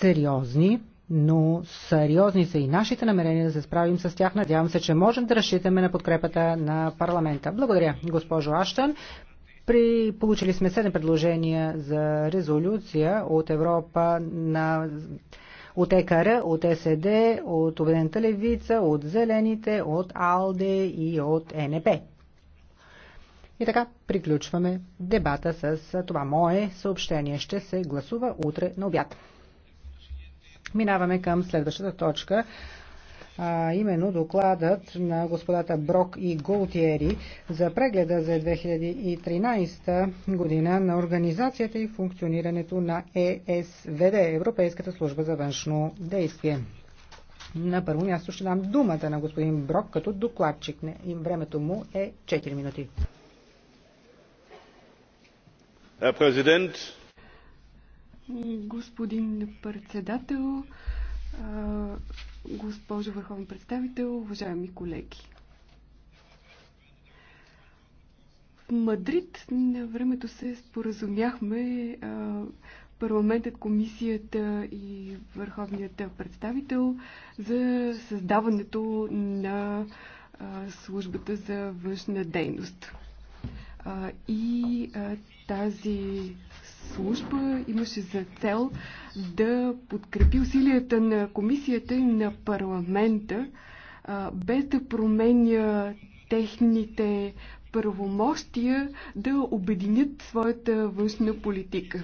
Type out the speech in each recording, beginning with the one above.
сериозни, но сериозни са и нашите намерения да се справим с тях. Надявам се, че можем да разчитаме на подкрепата на парламента. Благодаря, госпожо Аштан. При, получили сме 7 предложения за резолюция от Европа на от ЕКР, от СД, от Обедената левица, от Зелените, от АЛДЕ и от НП. И така приключваме дебата с това мое съобщение. Ще се гласува утре на обяд. Минаваме към следващата точка, а именно докладът на господата Брок и Голтиери за прегледа за 2013 година на организацията и функционирането на ЕСВД, Европейската служба за външно действие. На първо място ще дам думата на господин Брок като докладчик. им времето му е 4 минути. Herr Präsident, Господин председател, госпожо върховен представител, уважаеми колеги. В Мадрид на времето се споразумяхме парламентът, комисията и върховният представител за създаването на службата за външна дейност. И тази служба имаше за цел да подкрепи усилията на комисията и на парламента, без да променя техните правомощия да обединят своята външна политика.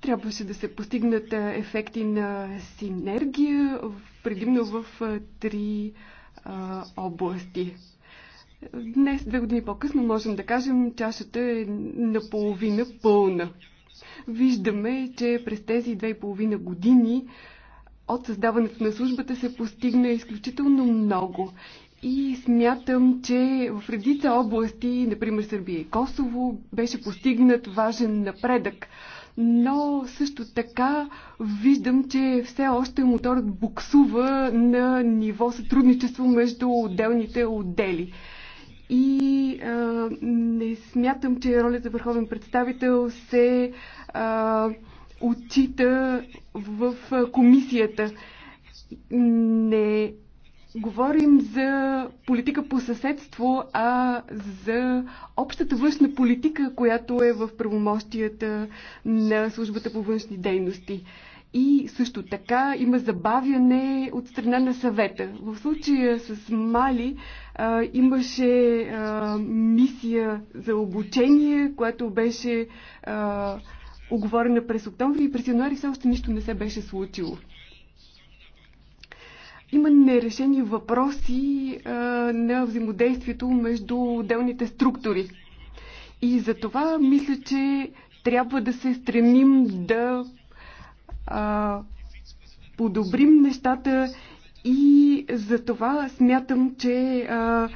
Трябваше да се постигнат ефекти на синергия, предимно в три а, области Днес, две години по-късно, можем да кажем, чашата е наполовина пълна. Виждаме, че през тези две и половина години от създаването на службата се постигна изключително много. И смятам, че в редица области, например Сърбия и Косово, беше постигнат важен напредък. Но също така виждам, че все още моторът буксува на ниво сътрудничество между отделните отдели и а, не смятам, че ролята върховен представител се а, отчита в комисията. Не говорим за политика по съседство, а за общата външна политика, която е в правомощията на службата по външни дейности. И също така има забавяне от страна на съвета. В случая с Мали а, имаше а, мисия за обучение, която беше а, оговорена през октомври и през януари все още нищо не се беше случило. Има нерешени въпроси а, на взаимодействието между отделните структури. И за това мисля, че трябва да се стремим да а, подобрим нещата и за това смятам, че а,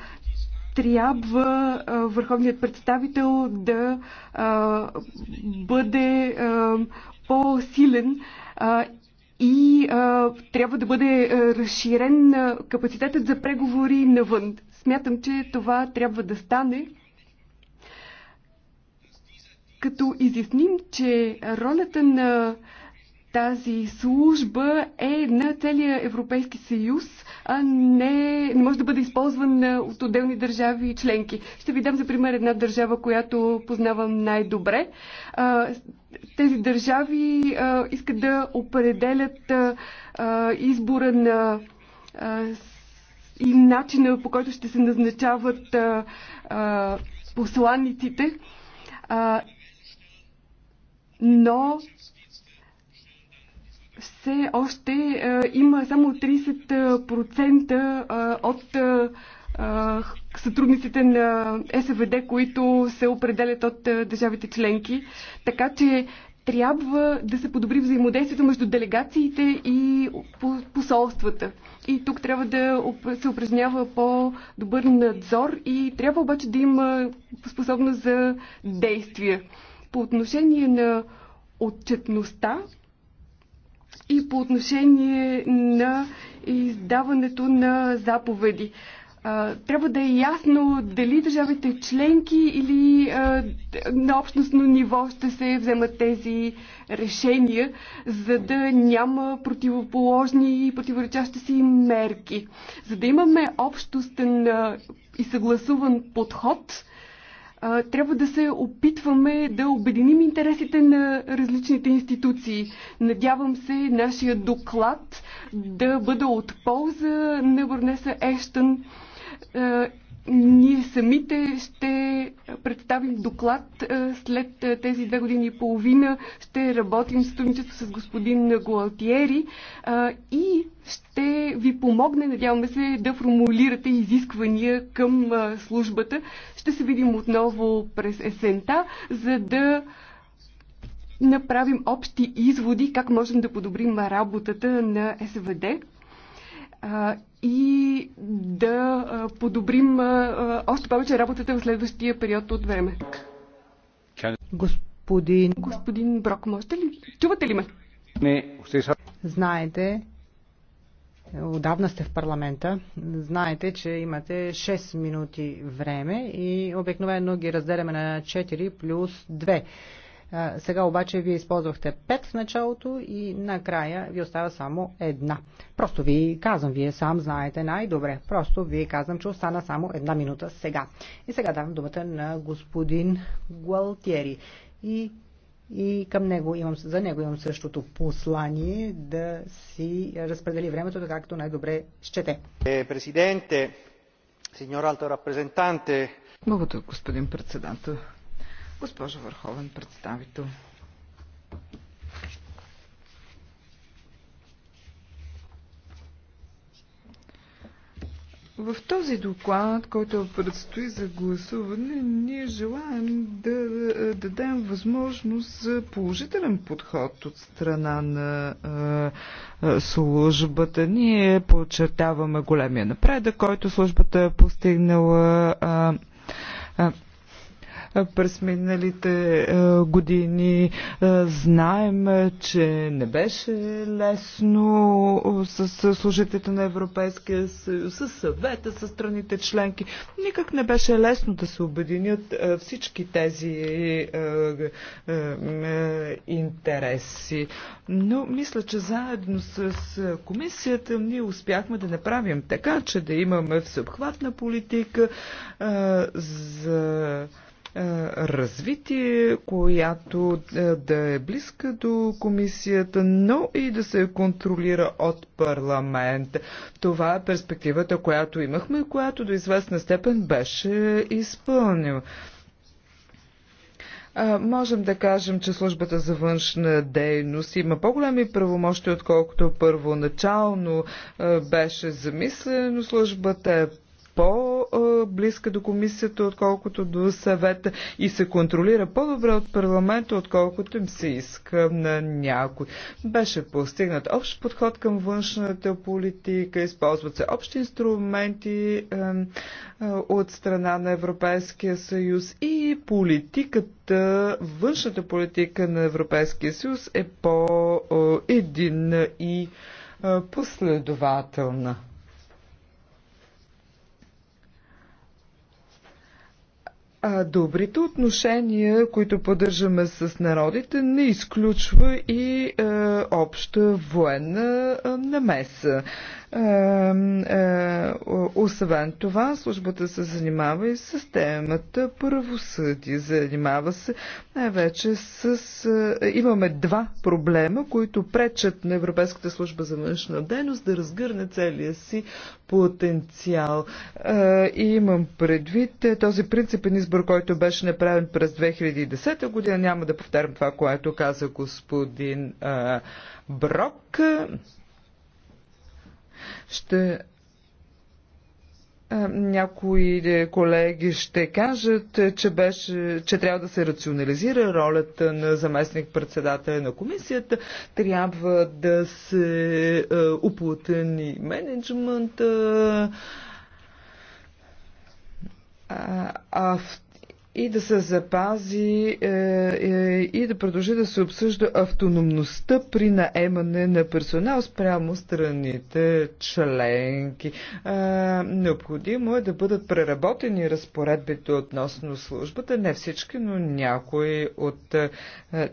трябва а, върховният представител да а, бъде а, по-силен и а, трябва да бъде разширен капацитетът за преговори навън. Смятам, че това трябва да стане. Като изясним, че ролята на тази служба е на целия Европейски съюз, а не, не може да бъде използван от отделни държави и членки. Ще ви дам за пример една държава, която познавам най-добре. Тези държави искат да определят избора на и начина по който ще се назначават посланиците. посланниците. но все още а, е, има само 30% е, от а, е, сътрудниците на СВД, които се определят от а, държавите членки. Така че трябва да се подобри взаимодействието между делегациите и посолствата. И тук трябва да се упражнява по-добър надзор и трябва обаче да има способност за действие. По отношение на отчетността, и по отношение на издаването на заповеди. Трябва да е ясно дали държавите членки или на общностно ниво ще се вземат тези решения, за да няма противоположни и противоречащи си мерки. За да имаме общостен и съгласуван подход, трябва да се опитваме да обединим интересите на различните институции. Надявам се нашия доклад да бъде от полза на Върнеса Ештън ние самите ще представим доклад е, след е, тези две години и половина. Ще работим в сътрудничество с господин Гуалтиери е, и ще ви помогне, надяваме се, да формулирате изисквания към службата. Ще се видим отново през есента, за да направим общи изводи как можем да подобрим работата на СВД и да подобрим още повече работата в следващия период от време. Господин... Господин Брок, можете ли? Чувате ли ме? Не, Знаете, Отдавна сте в парламента. Знаете, че имате 6 минути време и обикновено ги разделяме на 4 плюс 2. А, сега обаче вие използвахте пет в началото и накрая ви остава само една. Просто ви казвам, вие сам знаете най-добре. Просто ви казвам, че остана само една минута сега. И сега давам думата на господин Гуалтери. И и към него имам, за него имам същото послание да си разпредели времето така, както най-добре щете. Е, президенте, сеньор алто репрезентанте. Благодаря, господин председател. Госпожо Върховен представител. В този доклад, който предстои за гласуване, ние желаем да е, дадем възможност за положителен подход от страна на е, е, службата. Ние подчертаваме големия напредък, който службата е постигнала през миналите е, години. Е, знаем, че не беше лесно е, с служителите на Европейския съюз, с съвета, с страните членки. Никак не беше лесно да се обединят всички тези интереси. Но мисля, че заедно с комисията ние успяхме да направим така, че да имаме всеобхватна политика за е, развитие, която е, да е близка до комисията, но и да се контролира от парламент. Това е перспективата, която имахме, която до известна степен беше изпълнила. Е, можем да кажем, че службата за външна дейност има по-големи правомощи, отколкото първоначално беше замислено. Службата е по-близка до комисията, отколкото до съвета и се контролира по-добре от парламента, отколкото им се иска на някой. Беше постигнат общ подход към външната политика, използват се общи инструменти е, е, от страна на Европейския съюз и политиката, външната политика на Европейския съюз е по-единна е, и последователна. А, добрите отношения, които поддържаме с народите, не изключва и е, обща военна е, намеса. Е, освен това, службата се занимава и с темата правосъдие. Занимава се най-вече с... Е, имаме два проблема, които пречат на Европейската служба за външна дейност да разгърне целия си потенциал. Е, и имам предвид този принципен избор, който беше направен през 2010 година. Няма да повтарям това, което каза господин Брок. Ще някои колеги ще кажат, че, беше, че трябва да се рационализира ролята на заместник-председателя на комисията, трябва да се оплатени менеджмента, а, а в и да се запази е, е, и да продължи да се обсъжда автономността при наемане на персонал спрямо страните членки. Е, необходимо е да бъдат преработени разпоредбите относно службата, не всички, но някои от е,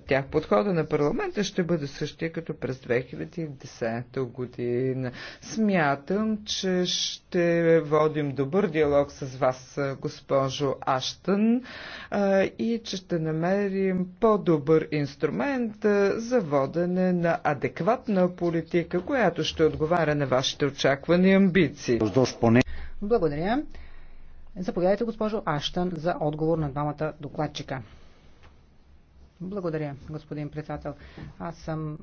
тях. Подхода на парламента ще бъде същия като през 2010 година. Смятам, че ще водим добър диалог с вас, е, госпожо Аштън и че ще намерим по-добър инструмент за водене на адекватна политика, която ще отговаря на вашите очаквани амбиции. Благодаря. Заповядайте, госпожо Аштан, за отговор на двамата докладчика. Благодаря, господин председател. Аз съм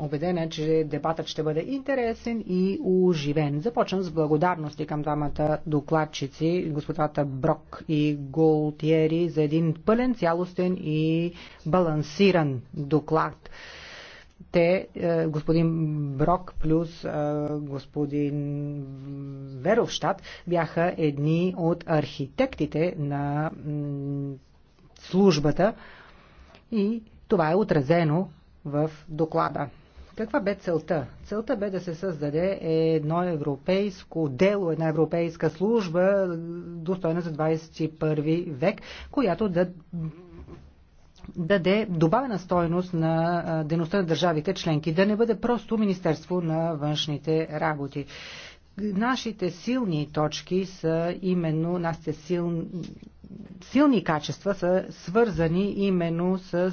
убедена, че дебатът ще бъде интересен и оживен. Започвам с благодарности към двамата докладчици, господата Брок и Голтиери, за един пълен, цялостен и балансиран доклад. Те, е, господин Брок плюс е, господин Веровщад, бяха едни от архитектите на службата, и това е отразено в доклада. Каква бе целта? Целта бе да се създаде едно европейско дело, една европейска служба, достойна за 21 век, която да даде добавена стойност на дейността на държавите членки, да не бъде просто Министерство на външните работи. Нашите силни точки са именно нашите силни силни качества са свързани именно с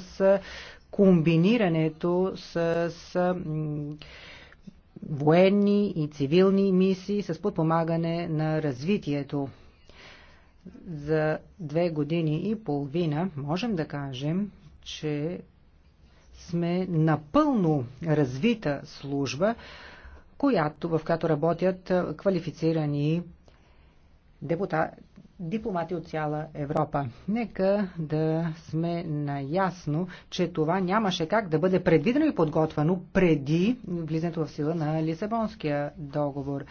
комбинирането с военни и цивилни мисии с подпомагане на развитието. За две години и половина можем да кажем, че сме напълно развита служба, която, в която работят квалифицирани депутати дипломати от цяла Европа. Нека да сме наясно, че това нямаше как да бъде предвидено и подготвено преди влизането в сила на Лисабонския договор.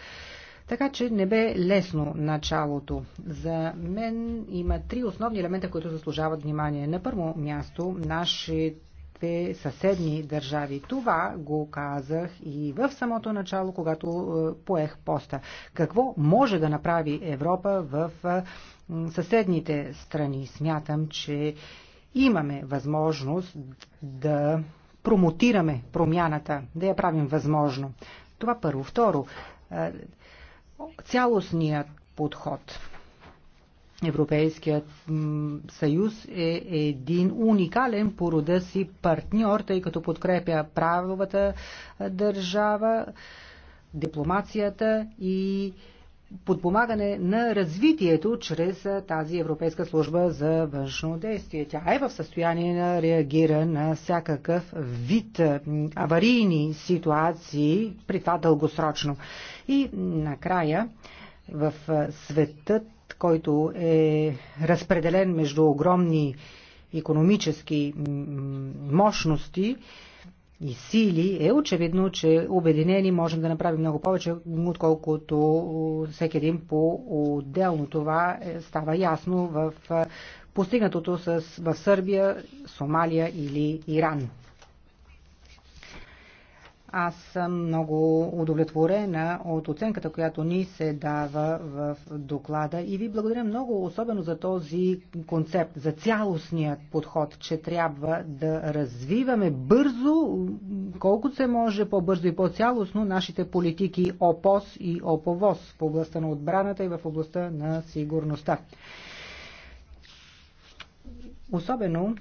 Така че не бе лесно началото. За мен има три основни елемента, които заслужават внимание. На първо място, нашите нашите съседни държави. Това го казах и в самото начало, когато е, поех поста. Какво може да направи Европа в е, съседните страни? Смятам, че имаме възможност да промотираме промяната, да я правим възможно. Това първо. Второ, е, цялостният подход – Европейският съюз е един уникален по рода си партньор, тъй като подкрепя правовата държава, дипломацията и подпомагане на развитието чрез тази Европейска служба за външно действие. Тя е в състояние да реагира на всякакъв вид аварийни ситуации, при това дългосрочно. И накрая в светът който е разпределен между огромни економически мощности и сили, е очевидно, че обединени можем да направим много повече, отколкото е, всеки един по-отделно. Това е, става ясно в е, постигнатото с, в Сърбия, Сомалия или Иран. Аз съм много удовлетворена от оценката, която ни се дава в доклада и ви благодаря много, особено за този концепт, за цялостният подход, че трябва да развиваме бързо, колкото се може по-бързо и по-цялостно нашите политики ОПОС и ОПОВОС в областта на отбраната и в областта на сигурността. Особено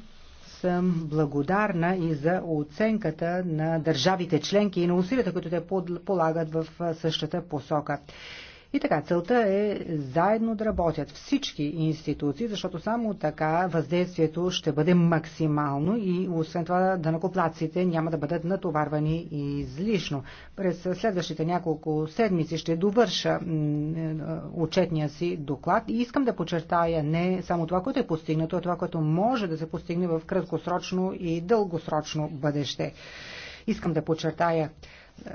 съм благодарна и за оценката на държавите членки и на усилията, които те полагат в същата посока. И така, целта е заедно да работят всички институции, защото само така въздействието ще бъде максимално и освен това накоплаците няма да бъдат натоварвани излишно. През следващите няколко седмици ще довърша е, отчетния си доклад и искам да почертая, не само това, което е постигнато, а това, което може да се постигне в краткосрочно и дългосрочно бъдеще. Искам да подчертая е,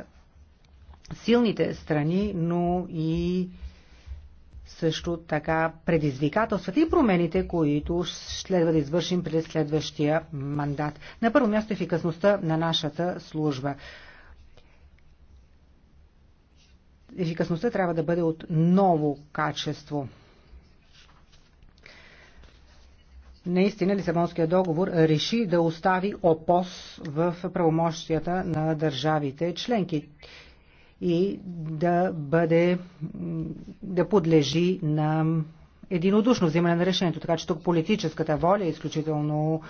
силните страни, но и също така предизвикателствата и промените, които следва да извършим през следващия мандат. На първо място ефикасността на нашата служба. Ефикасността трябва да бъде от ново качество. Наистина Лисабонския договор реши да остави опос в правомощията на държавите членки и да бъде, да подлежи на единодушно взимане на решението. Така че тук политическата воля е изключително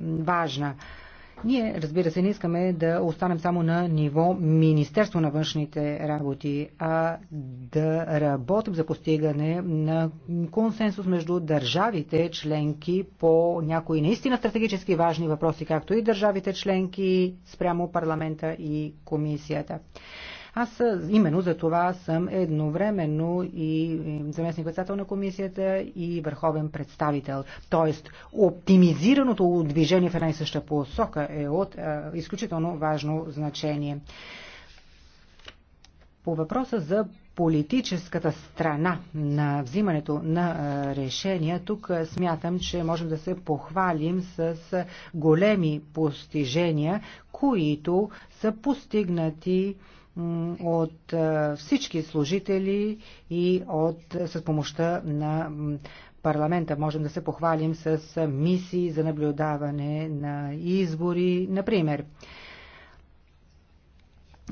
важна. Ние, разбира се, не искаме да останем само на ниво Министерство на външните работи, а да работим за постигане на консенсус между държавите членки по някои наистина стратегически важни въпроси, както и държавите членки спрямо парламента и комисията. Аз именно за това съм едновременно и заместник председател на комисията и върховен представител. Тоест, оптимизираното движение в една и съща посока е от а, изключително важно значение. По въпроса за политическата страна на взимането на решения, тук смятам, че можем да се похвалим с големи постижения, които са постигнати от всички служители и от, с помощта на парламента. Можем да се похвалим с мисии за наблюдаване на избори, например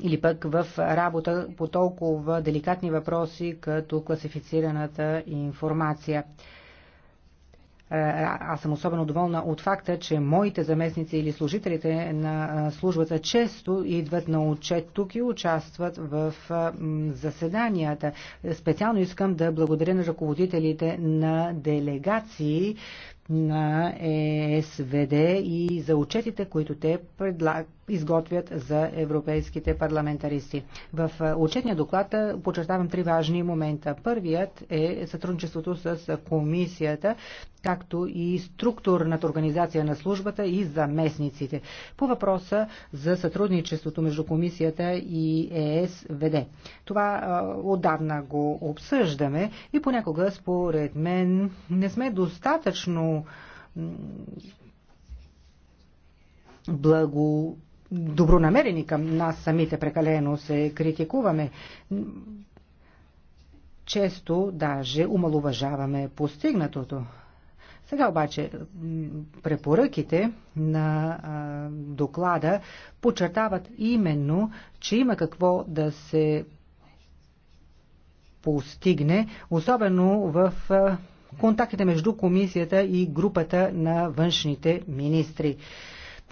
или пък в работа по толкова деликатни въпроси, като класифицираната информация. Е, аз съм особено доволна от факта, че моите заместници или служителите на е, службата често идват на отчет тук и участват в е, заседанията. Специално искам да благодаря на ръководителите на делегации на ЕСВД и за отчетите, които те предлагат изготвят за европейските парламентаристи. В отчетния доклад подчертавам три важни момента. Първият е сътрудничеството с комисията, както и структурната организация на службата и заместниците. По въпроса за сътрудничеството между комисията и ЕСВД. Това отдавна го обсъждаме и понякога, според мен, не сме достатъчно благо добронамерени към нас самите, прекалено се критикуваме. Често даже умалуважаваме постигнатото. Сега обаче препоръките на а, доклада подчертават именно, че има какво да се постигне, особено в а, контактите между комисията и групата на външните министри.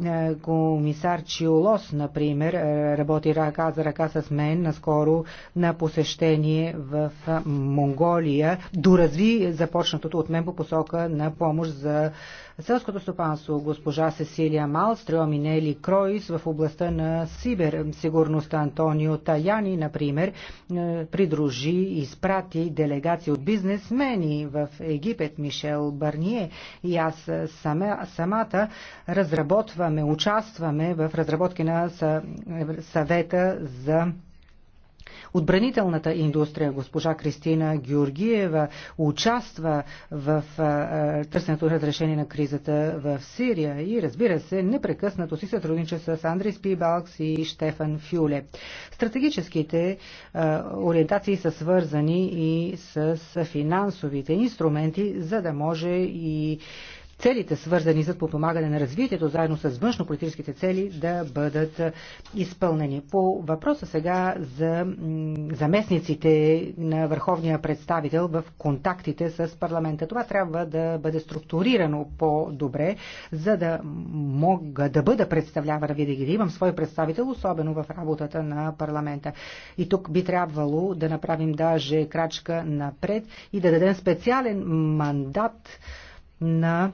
Е, комисар Чиолос, например, е, работи ръка за ръка с мен наскоро на посещение в е, Монголия, доразви започнатото от мен по посока на помощ за селското стопанство госпожа Сесилия Малстрем и Нели Кройс в областта на сигурността Антонио Таяни, например, е, придружи и изпрати делегация от бизнесмени в Египет Мишел Барние и аз е, сама, самата разработваме, участваме в разработки на съвета за отбранителната индустрия. Госпожа Кристина Георгиева участва в търсенето на разрешение на кризата в Сирия и разбира се, непрекъснато си сътрудничи с Андрей Спибалкс и Штефан Фюле. Стратегическите ориентации са свързани и с финансовите инструменти, за да може и целите, свързани с подпомагане на развитието, заедно с външно-политическите цели, да бъдат изпълнени. По въпроса сега за заместниците на върховния представител в контактите с парламента. Това трябва да бъде структурирано по-добре, за да мога да бъда представлявана винаги, да имам свой представител, особено в работата на парламента. И тук би трябвало да направим даже крачка напред и да дадем специален мандат на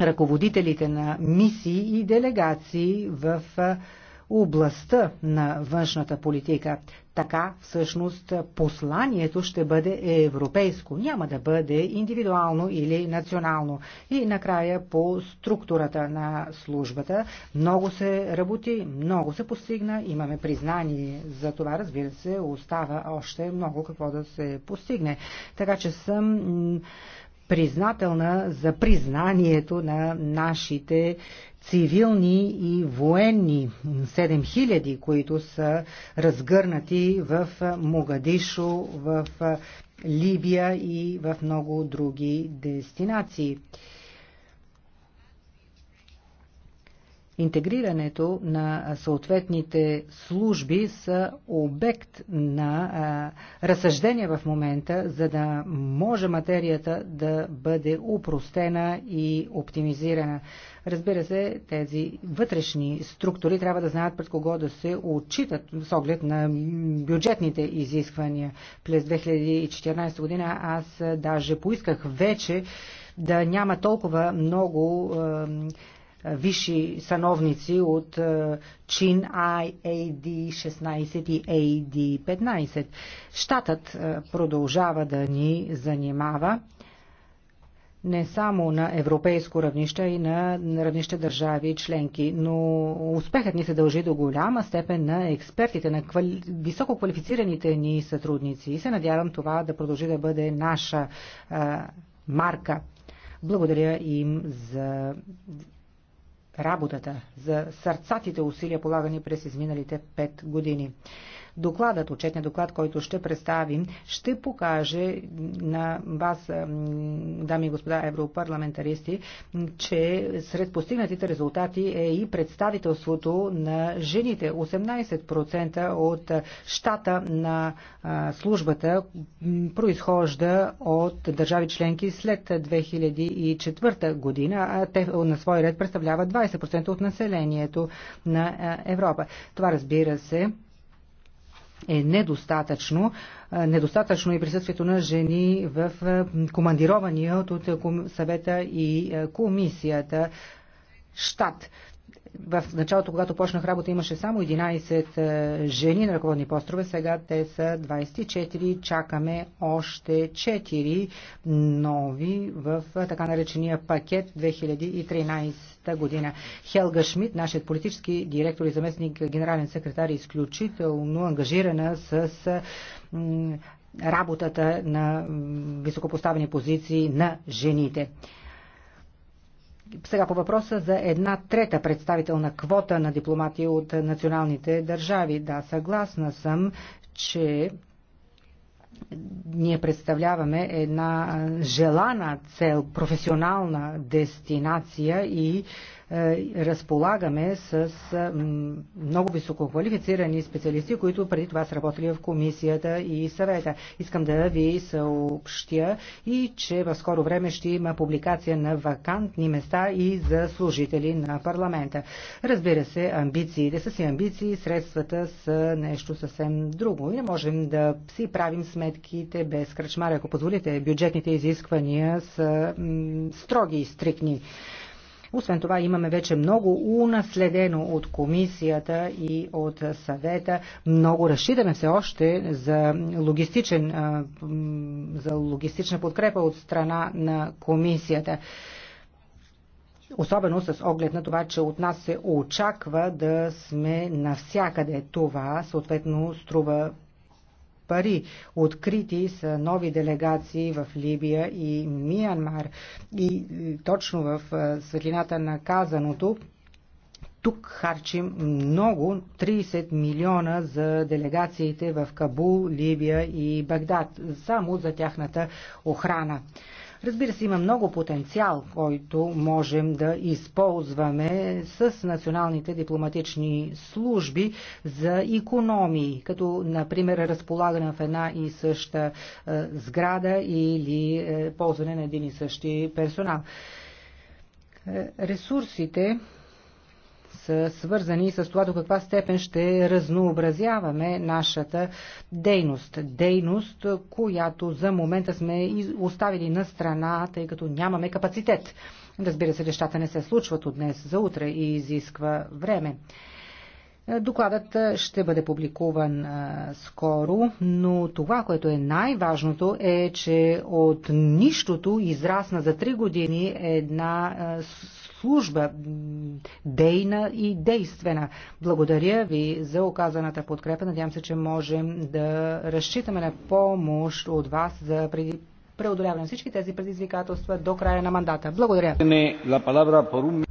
ръководителите на мисии и делегации в областта на външната политика. Така всъщност посланието ще бъде европейско, няма да бъде индивидуално или национално. И накрая по структурата на службата много се работи, много се постигна, имаме признание за това, разбира се, остава още много какво да се постигне. Така че съм признателна за признанието на нашите цивилни и военни 7000, които са разгърнати в Могадишо, в Либия и в много други дестинации. интегрирането на съответните служби са обект на разсъждения в момента, за да може материята да бъде упростена и оптимизирана. Разбира се, тези вътрешни структури трябва да знаят пред кого да се отчитат с оглед на бюджетните изисквания. През 2014 година аз даже поисках вече да няма толкова много висши сановници от е, чин IAD-16 е, и AD-15. Е, Штатът продължава да ни занимава не само на европейско равнище и на равнище държави членки, но успехът ни се дължи до голяма степен на експертите, на квали... високо квалифицираните ни сътрудници и се надявам това да продължи да бъде наша а, марка. Благодаря им за работата, за сърцатите усилия полагани през изминалите пет години. Докладът, отчетният доклад, който ще представим, ще покаже на вас, дами и господа европарламентаристи, че сред постигнатите резултати е и представителството на жените. 18% от щата на службата произхожда от държави членки след 2004 година, а те на свой ред представляват 20% от населението на Европа. Това разбира се е недостатъчно. Недостатъчно е присъствието на жени в командирования от съвета и комисията щат в началото, когато почнах работа, имаше само 11 е, жени на ръководни построве, сега те са 24, чакаме още 4 нови в е, така наречения пакет 2013 година. Хелга Шмидт, нашият политически директор и заместник генерален секретар, е изключително ангажирана с е, работата на високопоставени позиции на жените. Сега по въпроса за една трета представителна квота на дипломати от националните държави. Да, съгласна съм, че ние представляваме една желана цел, професионална дестинация и е, разполагаме с е, много високо квалифицирани специалисти, които преди това са работили в комисията и съвета. Искам да ви съобщя и че в скоро време ще има публикация на вакантни места и за служители на парламента. Разбира се, амбициите са си амбиции, средствата са нещо съвсем друго. И не можем да си правим сметките без кръчмар. Ако позволите, бюджетните изисквания са строги и стрикни. Освен това имаме вече много унаследено от комисията и от съвета. Много разчитаме все още за, логистичен, за логистична подкрепа от страна на комисията. Особено с оглед на това, че от нас се очаква да сме навсякъде. Това съответно струва пари. Открити са нови делегации в Либия и Миянмар. И е, точно в е, светлината на казаното тук харчим много, 30 милиона за делегациите в Кабул, Либия и Багдад, само за тяхната охрана. Разбира се, има много потенциал, който можем да използваме с националните дипломатични служби за економии, като, например, разполагане в една и съща е, сграда или е, ползване на един и същи персонал. Е, ресурсите са свързани с това до каква степен ще разнообразяваме нашата дейност. Дейност, която за момента сме оставили на страна, тъй като нямаме капацитет. Разбира се, нещата не се случват от днес за утре и изисква време. Докладът ще бъде публикуван а, скоро, но това, което е най-важното е, че от нищото израсна за три години една а, служба, дейна и действена. Благодаря ви за оказаната подкрепа. Надявам се, че можем да разчитаме на помощ от вас за преди преодоляване на всички тези предизвикателства до края на мандата. Благодаря.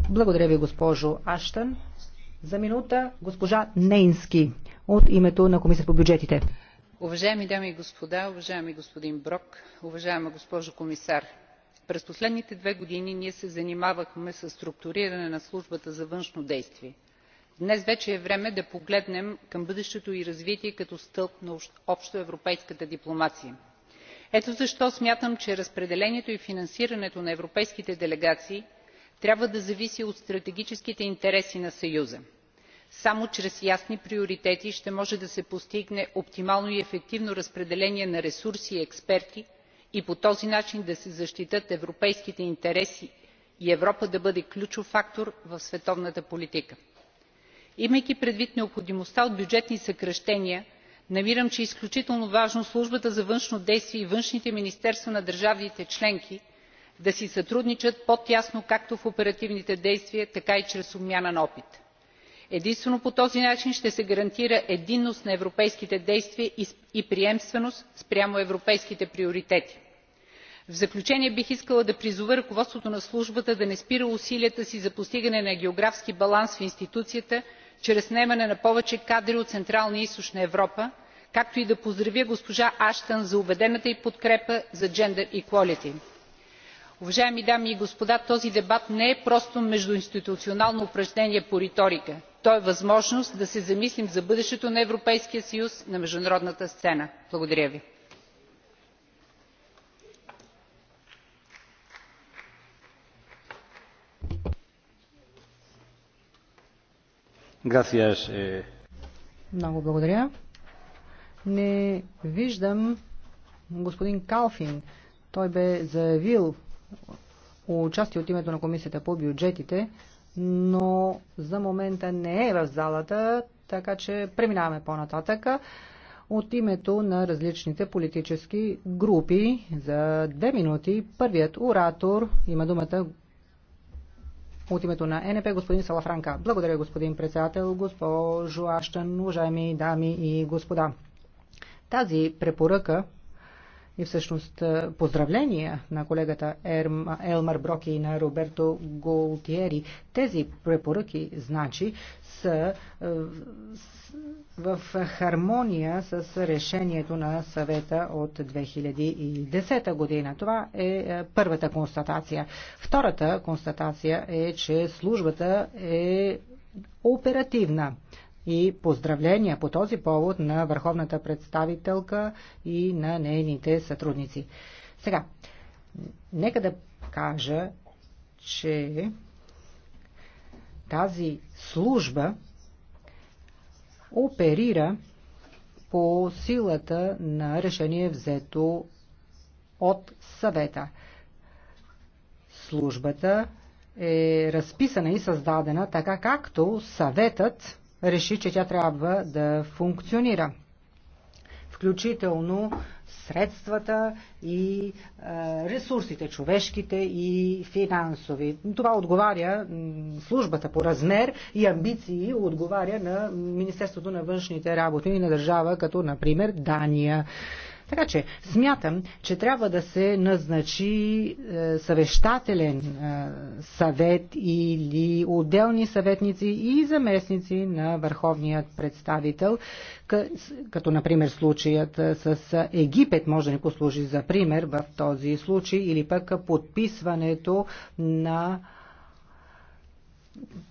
Благодаря ви, госпожо Аштън. За минута госпожа Нейнски от името на Комисия по бюджетите. Уважаеми дами и господа, уважаеми господин Брок, уважаема госпожо комисар през последните две години ние се занимавахме със структуриране на службата за външно действие. днес вече е време да погледнем към бъдещото й развитие като стълб на общоевропейската дипломация. ето защо смятам че разпределението и финансирането на европейските делегации трябва да зависи от стратегическите интереси на съюза. само чрез ясни приоритети ще може да се постигне оптимално и ефективно разпределение на ресурси и експерти и по този начин да се защитят европейските интереси и европа да бъде ключов фактор в световната политика. имайки предвид необходимостта от бюджетни съкращения намирам че е изключително важно службата за външно действие и външните министерства на държавите членки да си сътрудничат по тясно както в оперативните действия така и чрез обмяна на опит единствено по този начин ще се гарантира единност на европейските действия и приемственост спрямо европейските приоритети. в заключение бих искала да призова ръководството на службата да не спира усилията си за постигане на географски баланс в институцията чрез наемане на повече кадри от централна и източна европа както и да поздравя госпожа аштън за убедената й подкрепа за gender equality уважаеми дами и господа този дебат не е просто междуинституционално упражнение по риторика той е възможност да се замислим за бъдещето на европейския съюз на международната сцена. благодаря ви. Eh. Много благодаря. Не виждам господин Калфин. Той бе заявил участие от името на Комисията по бюджетите, но за момента не е в залата, така че преминаваме по-нататъка от името на различните политически групи. За две минути първият оратор има думата от името на НП е, господин Салафранка. Благодаря господин председател, госпожо Аштън, уважаеми дами и господа. Тази препоръка и всъщност поздравления на колегата Елмар Броки и на Роберто Голтиери. Тези препоръки, значи, са в хармония с решението на съвета от 2010 година. Това е първата констатация. Втората констатация е, че службата е оперативна и поздравления по този повод на върховната представителка и на нейните сътрудници. Сега, нека да кажа, че тази служба оперира по силата на решение взето от съвета. Службата е разписана и създадена така както съветът реши, че тя трябва да функционира. Включително средствата и ресурсите, човешките и финансови. Това отговаря службата по размер и амбиции, отговаря на Министерството на външните работи и на държава, като например Дания. Така че смятам, че трябва да се назначи е, съвещателен е, съвет или отделни съветници и заместници на върховният представител, като например случаят е, с Египет може да ни послужи за пример в този случай или пък подписването на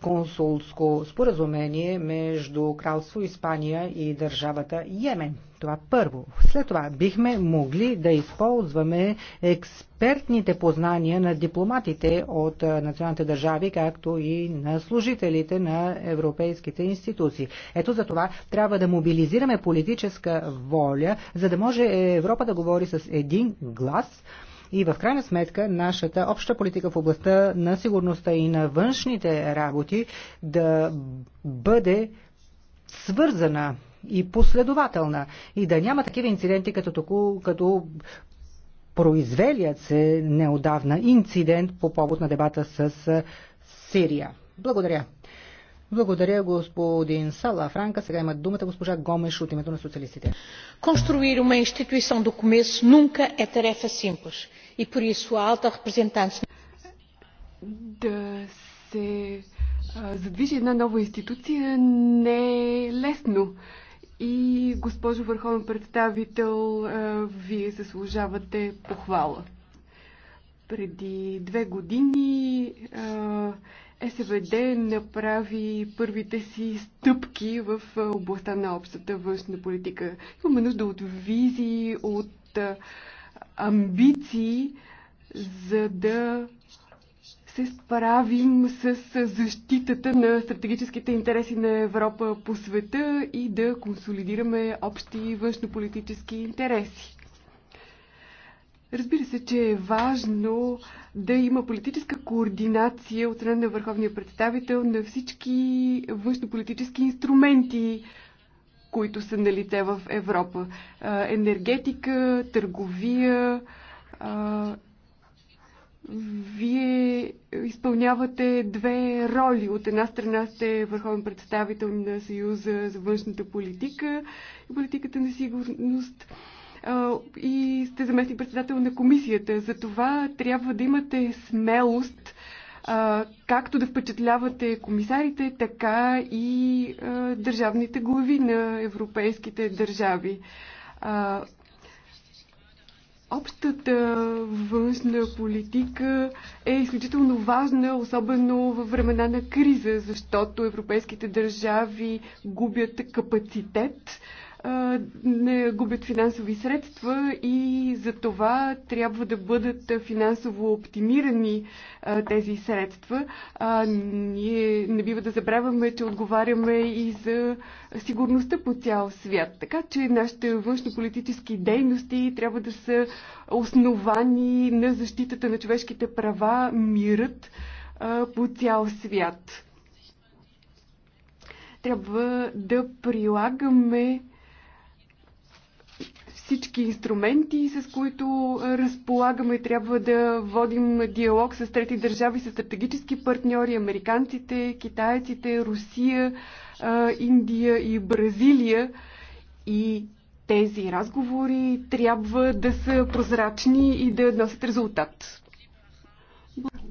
консулско споразумение между Кралство Испания и държавата Йемен. Това първо. След това бихме могли да използваме експертните познания на дипломатите от националните държави, както и на служителите на европейските институции. Ето за това трябва да мобилизираме политическа воля, за да може Европа да говори с един глас – и в крайна сметка нашата обща политика в областта на сигурността и на външните работи да бъде свързана и последователна и да няма такива инциденти като, току, като произвелият се неодавна инцидент по повод на дебата с Сирия. Благодаря. Благодаря, господин Сала Франка. Сега имат думата госпожа Гомеш от името на социалистите. Конструир uma instituição do começo nunca е tarefa simples И e, por isso a alta representante да се задвижи една нова институция не е лесно. И, госпожо Върховен представител, вие заслужавате похвала. Преди две години а, СВД направи първите си стъпки в областта на общата външна политика. Имаме нужда от визии, от амбиции, за да се справим с защитата на стратегическите интереси на Европа по света и да консолидираме общи външнополитически интереси. Разбира се, че е важно да има политическа координация от страна на върховния представител на всички външнополитически инструменти, които са на лице в Европа. Енергетика, търговия. Вие изпълнявате две роли. От една страна сте върховен представител на Съюза за външната политика и политиката на сигурност и сте заместник председател на комисията. За това трябва да имате смелост както да впечатлявате комисарите, така и държавните глави на европейските държави. Общата външна политика е изключително важна, особено във времена на криза, защото европейските държави губят капацитет не губят финансови средства и за това трябва да бъдат финансово оптимирани тези средства. ние не бива да забравяме, че отговаряме и за сигурността по цял свят. Така че нашите външнополитически дейности трябва да са основани на защитата на човешките права, мирът по цял свят трябва да прилагаме всички инструменти, с които разполагаме. Трябва да водим диалог с трети държави, с стратегически партньори, американците, китайците, Русия, Индия и Бразилия. И тези разговори трябва да са прозрачни и да носят резултат.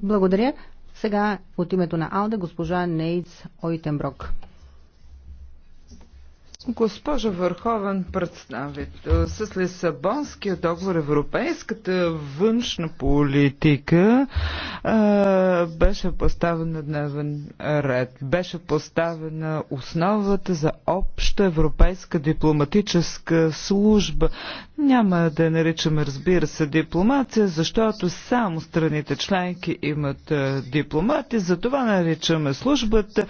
Благодаря. Сега от името на Алда госпожа Нейц Ойтенброк. Госпожа Върховен представител, с Лисабонския договор европейската външна политика а, беше поставена дневен ред. Беше поставена основата за обща европейска дипломатическа служба. Няма да наричаме, разбира се, дипломация, защото само страните членки имат дипломати. Затова наричаме службата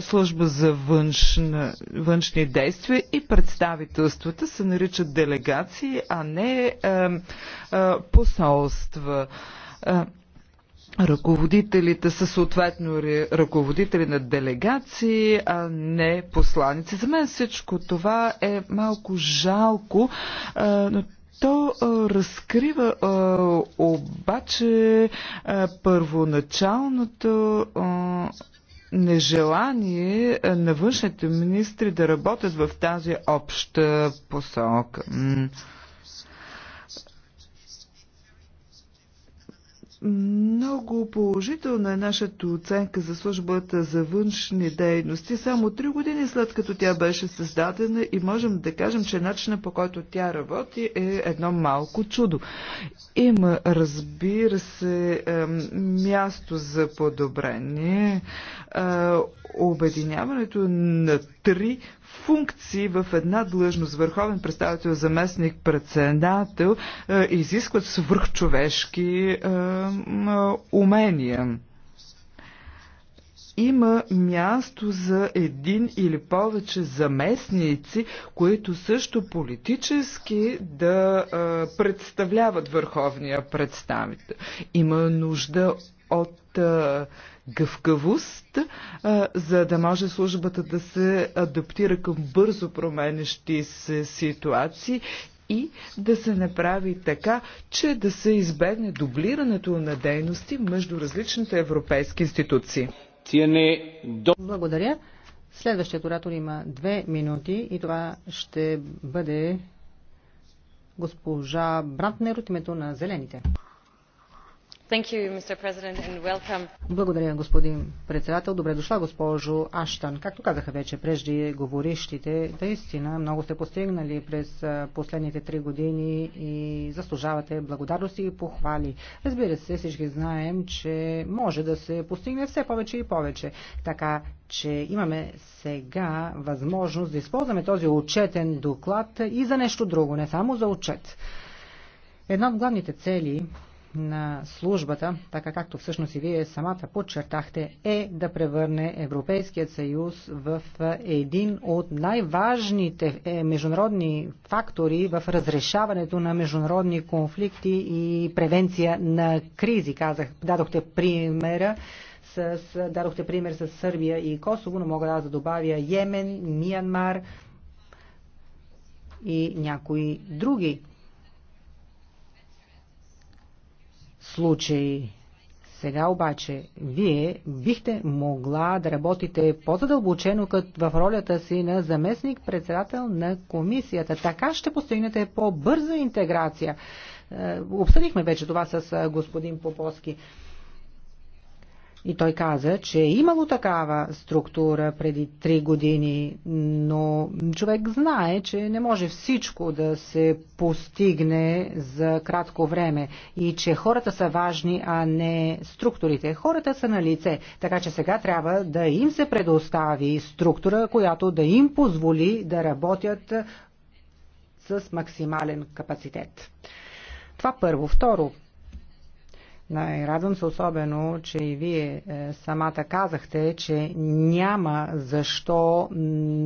служба за външна, външни действия действия и представителствата се наричат делегации, а не е, е, посолства. Е, ръководителите са съответно ръководители на делегации, а не посланици. За мен всичко това е малко жалко, е, но то е, разкрива е, обаче е, първоначалното Е, нежелание е, на външните министри да работят в тази обща посока. Много положителна е нашата оценка за службата за външни дейности само три години след като тя беше създадена и можем да кажем, че начинът по който тя работи е едно малко чудо. Има, разбира се, място за подобрение. Е, обединяването на три функции в една длъжност, върховен представител, заместник, председател, е, изискват свръхчовешки е, умения има място за един или повече заместници, които също политически да а, е, представляват върховния представител. Има нужда от а, гъвкавост, за да може службата да се адаптира към бързо променещи се ситуации и да се направи така, че да се избегне дублирането на дейности между различните европейски институции. Благодаря. Следващият оратор има две минути и това ще бъде госпожа Брантнер от името на Зелените. Благодаря, господин председател. Добре дошла, госпожо Аштан. Както казаха вече прежди говорищите, наистина много сте постигнали през последните три години и заслужавате благодарности и похвали. Разбира се, всички знаем, че може да се постигне все повече и повече. Така че имаме сега възможност да използваме този отчетен доклад и за нещо друго, не само за отчет. Една от главните цели на службата, така както всъщност и вие самата подчертахте, е да превърне Европейският съюз в един от най-важните е, международни фактори в разрешаването на международни конфликти и превенция на кризи. Казах, дадохте примера с, дадохте пример с Сърбия и Косово, но мога да добавя Йемен, Миянмар и някои други Случай, Сега обаче вие бихте могла да работите по-задълбочено в ролята си на заместник-председател на комисията. Така ще постигнете по-бърза интеграция. Е, обсъдихме вече това с е, господин Поповски. И той каза, че е имало такава структура преди три години, но човек знае, че не може всичко да се постигне за кратко време и че хората са важни, а не структурите. Хората са на лице, така че сега трябва да им се предостави структура, която да им позволи да работят с максимален капацитет. Това първо. Второ, Радвам се особено, че и вие е, самата казахте, че няма защо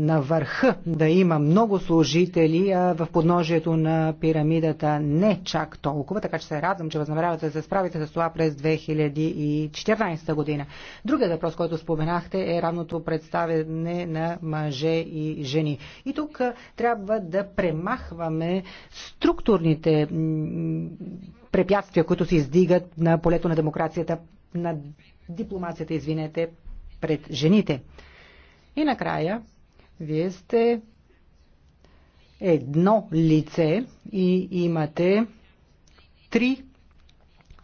на върха да има много служители, а в подножието на пирамидата не чак толкова, така че се радвам, че възнамерявате да се справите с това през 2014 година. Другият въпрос, който споменахте е равното представяне на мъже и жени. И тук е, трябва да премахваме структурните препятствия, които се издигат на полето на демокрацията, на дипломацията, извинете, пред жените. И накрая, вие сте едно лице и имате три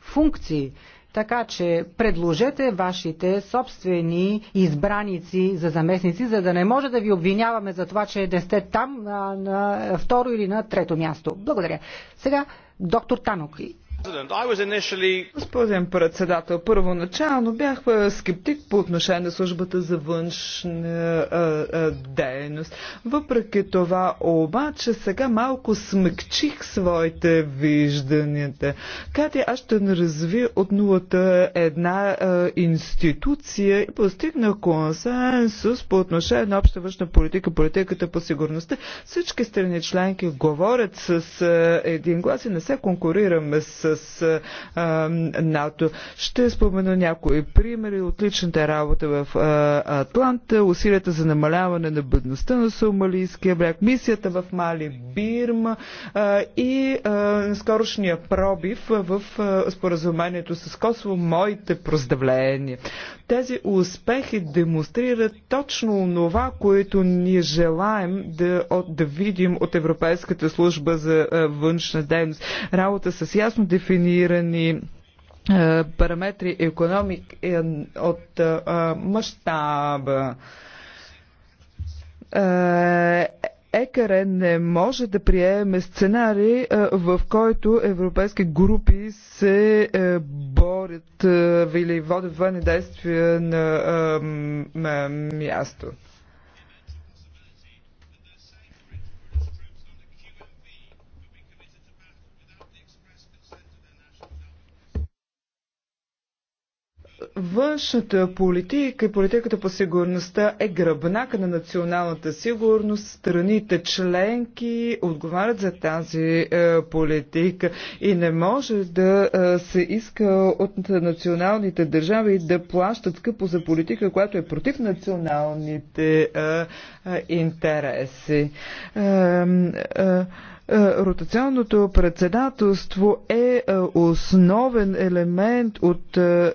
функции. Така че предложете вашите собствени избраници за заместници, за да не може да ви обвиняваме за това, че не сте там на, на второ или на трето място. Благодаря. Сега доктор Танок Господин председател, първоначално бях е, скептик по отношение на службата за външна а, е, а, е, дейност. Въпреки това, обаче, сега малко смекчих своите вижданията. Кати, аз ще разви от нулата една а, институция и постигна консенсус по отношение на обща външна политика, политиката по сигурността. Всички страни членки говорят с един глас и не се конкурираме с с НАТО. Ще спомена някои примери отличната работа в Атланта, усилията за намаляване на бедността на Сомалийския бряг, мисията в Мали, Бирма и скорошния пробив в споразумението с Косово, моите проздавления. Тези успехи демонстрират точно това, което ние желаем да, от, да видим от Европейската служба за е, външна дейност. Работа с ясно дефинирани е, параметри економик е, от мащаба Екаре не може да приеме сценарий, е, в който европейски групи се е, борят е, или водят военни действия на място. Външната политика и политиката по сигурността е гръбнака на националната сигурност. Страните членки отговарят за тази е, политика и не може да е, се иска от националните държави да плащат скъпо за политика, която е против националните е, е, интереси. Е, е, е, ротационното председателство е, е основен елемент от е,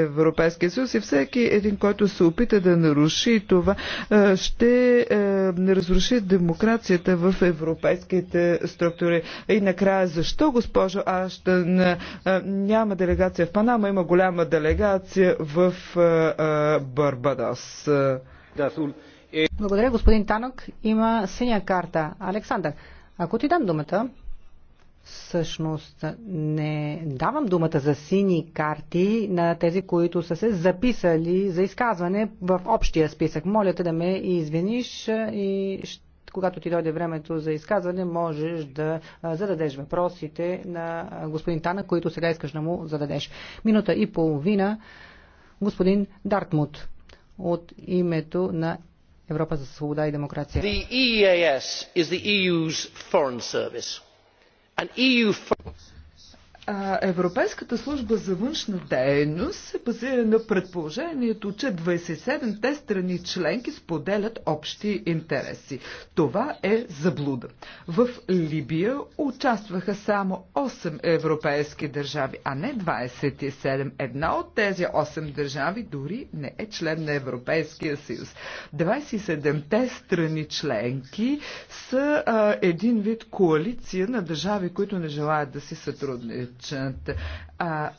Европейския съюз и всеки един, който се опита да наруши това, ще разруши демокрацията в европейските структури. И накрая, защо, госпожо Аштън, няма делегация в Панама, има голяма делегация в Барбадос? Благодаря, господин Танок. Има синя карта. Александър. Ако ти дам думата, всъщност не давам думата за сини карти на тези, които са се записали за изказване в общия списък. Моля те да ме извиниш и когато ти дойде времето за изказване, можеш да зададеш въпросите на господин Тана, които сега искаш да му зададеш. Минута и половина господин Дартмут от името на Европа за свобода и демокрация. The EAS is the EU's foreign service. An EU foreign service. Европейската служба за външна дейност се базира на предположението, че 27-те страни членки споделят общи интереси. Това е заблуда. В Либия участваха само 8 европейски държави, а не 27. Една от тези 8 държави дори не е член на Европейския съюз. 27-те страни членки са а, един вид коалиция на държави, които не желаят да си сътрудничат насърчат. А,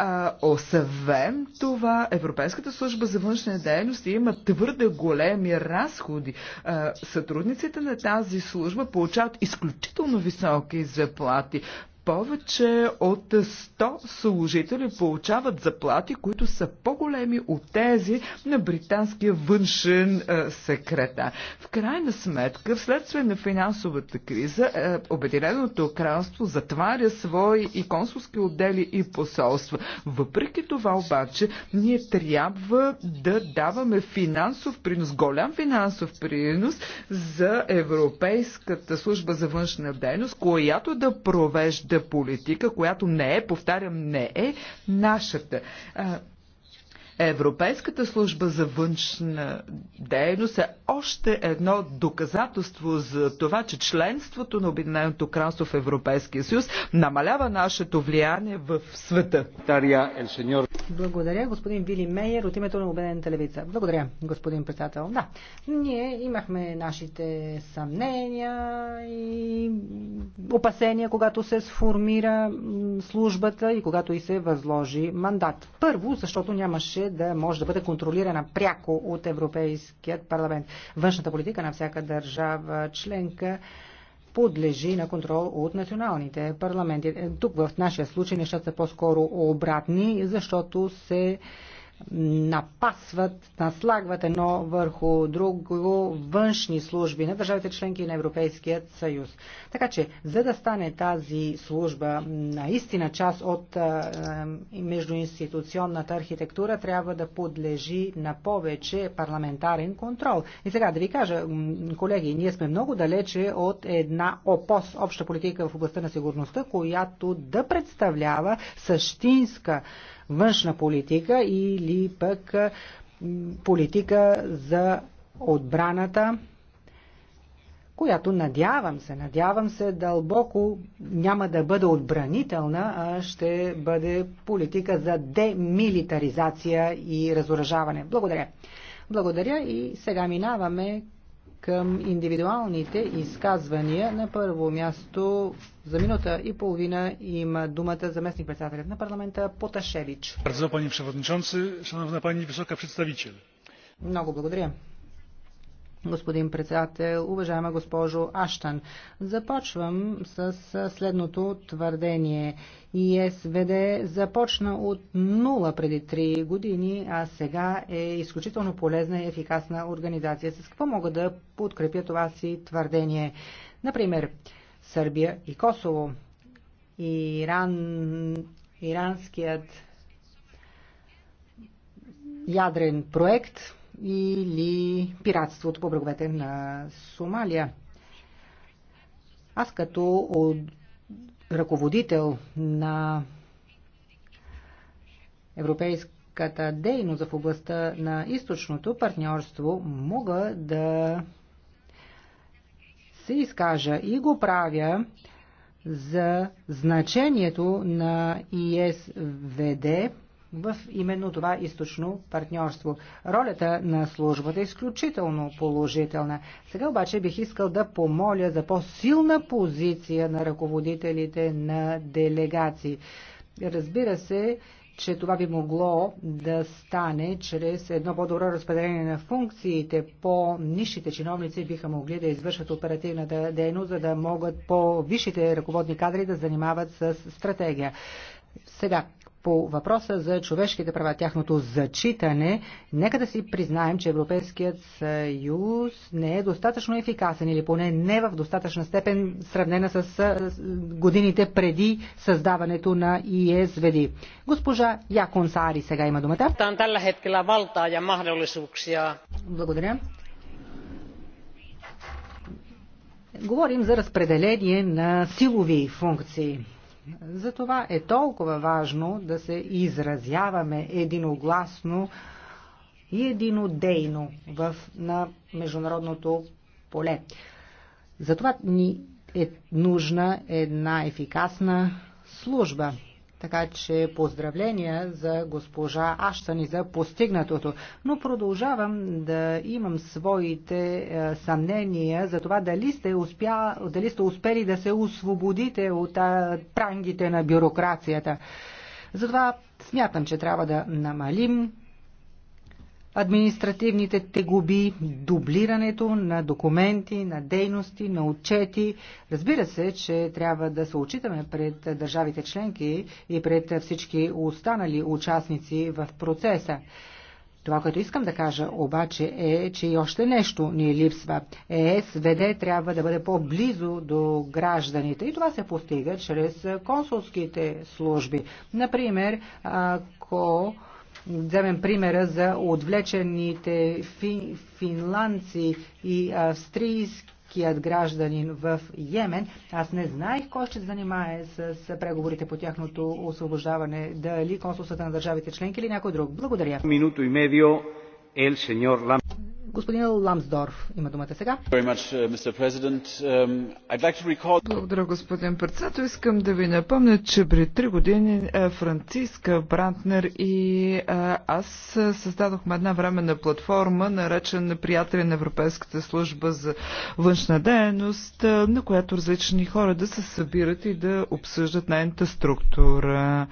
А, освен това, Европейската служба за външна дейност има твърде големи разходи. А, сътрудниците на тази служба получават изключително високи заплати повече от 100 служители получават заплати, които са по-големи от тези на британския външен е, секретар. В крайна сметка, вследствие на финансовата криза, е, Обединеното кралство затваря свои и консулски отдели и посолства. Въпреки това обаче, ние трябва да даваме финансов принос, голям финансов принос за Европейската служба за външна дейност, която да провежда политика, която не е, повтарям, не е нашата. Европейската служба за външна дейност е още едно доказателство за това, че членството на Обединеното кралство в Европейския съюз намалява нашето влияние в света. Благодаря, господин Вили Мейер от името на Обединената левица. Благодаря, господин председател. Да, ние имахме нашите съмнения и опасения, когато се сформира службата и когато и се възложи мандат. Първо, защото нямаше да може да бъде контролирана пряко от Европейският парламент. Външната политика на всяка държава членка подлежи на контрол от националните парламенти. Тук в нашия случай нещата са по-скоро обратни, защото се напасват, наслагват едно върху друго външни служби на държавите членки на Европейският съюз. Така че, за да стане тази служба наистина част от междуинституционната архитектура, трябва да подлежи на повече парламентарен контрол. И сега да ви кажа, колеги, ние сме много далече от една ОПОС, обща политика в областта на сигурността, която да представлява същинска външна политика или пък политика за отбраната, която надявам се, надявам се дълбоко няма да бъде отбранителна, а ще бъде политика за демилитаризация и разоръжаване. Благодаря. Благодаря и сега минаваме към индивидуалните изказвания. На първо място за минута и половина има думата заместник председателят на парламента Поташевич. Много благодаря господин председател, уважаема госпожо Аштан. Започвам с следното твърдение. ИСВД започна от нула преди 3 години, а сега е изключително полезна и ефикасна организация. С какво мога да подкрепя това си твърдение? Например, Сърбия и Косово, Иран, иранският ядрен проект – или пиратството по бреговете на Сомалия. Аз като ръководител на европейската дейност в областта на източното партньорство мога да се изкажа и го правя за значението на ИСВД в именно това източно партньорство. Ролята на службата е изключително положителна. Сега обаче бих искал да помоля за по-силна позиция на ръководителите на делегации. Разбира се, че това би могло да стане чрез едно по-добро разпределение на функциите. по нишите чиновници биха могли да извършат оперативната дейност, за да могат по-висшите ръководни кадри да занимават с стратегия. Сега, по въпроса за човешките права, тяхното зачитане, нека да си признаем, че Европейският съюз не е достатъчно ефикасен или поне не в достатъчна степен сравнена с годините преди създаването на ИСВД. Е Госпожа Яконсари сега има думата. Благодаря. Говорим за разпределение на силови функции. Затова е толкова важно да се изразяваме единогласно и единодейно в, на международното поле. Затова ни е нужна една ефикасна служба. Така че поздравления за госпожа Аштани за постигнатото. Но продължавам да имам своите е, съмнения за това дали сте, успя, дали сте успели да се освободите от е, прангите на бюрокрацията. Затова смятам, че трябва да намалим административните тегуби, дублирането на документи, на дейности, на отчети. Разбира се, че трябва да се отчитаме пред държавите членки и пред всички останали участници в процеса. Това, което искам да кажа обаче е, че и още нещо ни е липсва. ЕСВД трябва да бъде по-близо до гражданите и това се постига чрез консулските служби. Например, ако вземем примера за отвлечените фин, финландци и австрийски кият гражданин в Йемен. Аз не знаех кой ще занимае с преговорите по тяхното освобождаване, дали консулствата на държавите членки или някой друг. Благодаря. Минуто и медио, ел сеньор Лам. Господин Ламсдорф има думата сега. Uh, um, Благодаря, господин председател. Искам да ви напомня, че при три години е, Франциска Брантнер и е, аз създадохме една временна платформа, наречена Приятели на Европейската служба за външна дейност, е, на която различни хора да се събират и да обсъждат нейната структура.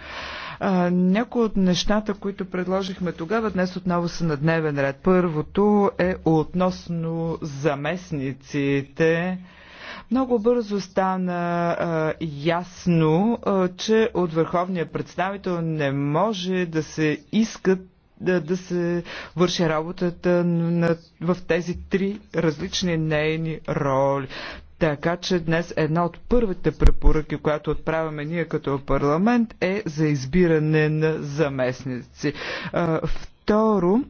Някои от нещата, които предложихме тогава, днес отново са на дневен ред. Първото е относно заместниците. Много бързо стана а, ясно, а, че от върховния представител не може да се искат да, да се върши работата на, в тези три различни нейни роли. Така че днес една от първите препоръки, която отправяме ние като парламент е за избиране на заместници. А, второ,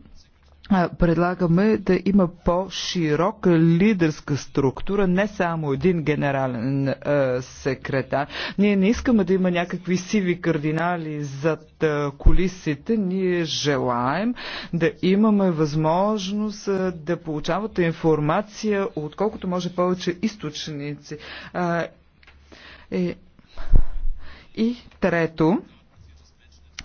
предлагаме да има по-широка лидерска структура, не само един генерален е, секретар. Ние не искаме да има някакви сиви кардинали зад е, колисите. Ние желаем да имаме възможност е, да получавате информация от колкото може повече източници. Е, е, и трето,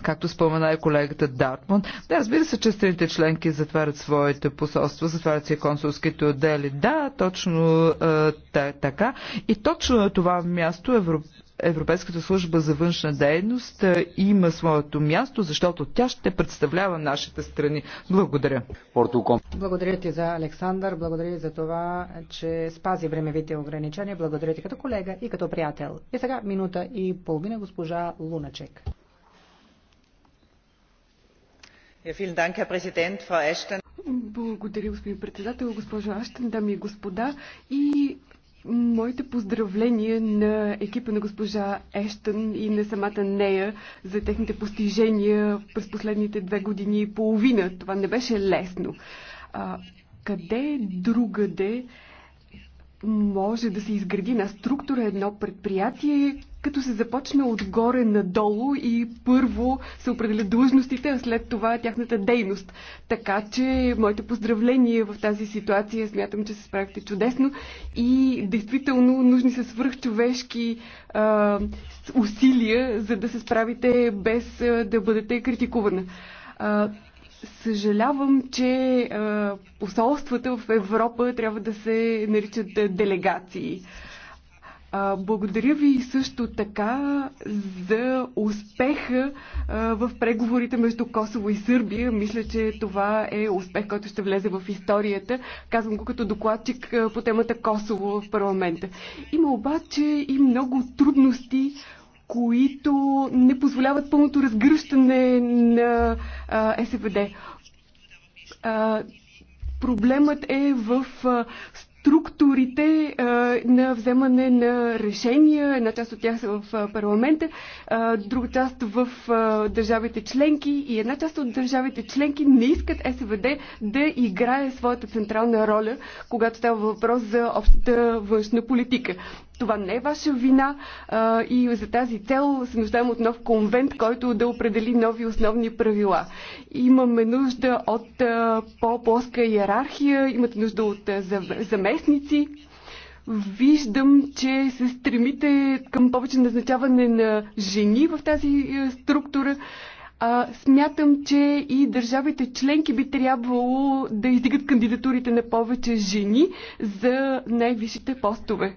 както спомена и колегата Дартмунд. Да, разбира се, че страните членки затварят своите посолства, затварят си консулските отдели. Да, точно е, така. И точно на това място Европа Европейската служба за външна дейност има своето място, защото тя ще представлява нашите страни. Благодаря. Благодаря ти за Александър, благодаря за това, че спази времевите ограничения, благодаря ти като колега и като приятел. И сега минута и половина госпожа Луначек. Благодаря, господин председател, госпожо Аштен, дами и господа. И моите поздравления на екипа на госпожа Ештън и на самата нея за техните постижения през последните две години и половина. Това не беше лесно. А, къде другаде може да се изгради на структура едно предприятие, като се започне отгоре надолу и първо се определят длъжностите, а след това тяхната дейност. Така че моите поздравления в тази ситуация, смятам, че се справихте чудесно и действително нужни са свръхчовешки а, усилия, за да се справите без а, да бъдете критикувана. А, Съжалявам, че а, посолствата в Европа трябва да се наричат делегации. Благодаря ви също така за успеха в преговорите между Косово и Сърбия. Мисля, че това е успех, който ще влезе в историята. Казвам го като докладчик по темата Косово в парламента. Има обаче и много трудности, които не позволяват пълното разгръщане на СВД проблемът е в структурите на вземане на решения. Една част от тях са в парламента, друга част в държавите членки и една част от държавите членки не искат СВД да играе своята централна роля, когато става въпрос за общата външна политика. Това не е ваша вина а, и за тази цел се нуждаем от нов конвент, който да определи нови основни правила. Имаме нужда от по-плоска иерархия, имате нужда от заместници. Виждам, че се стремите към повече назначаване на жени в тази структура. А, смятам, че и държавите членки би трябвало да издигат кандидатурите на повече жени за най-висшите постове.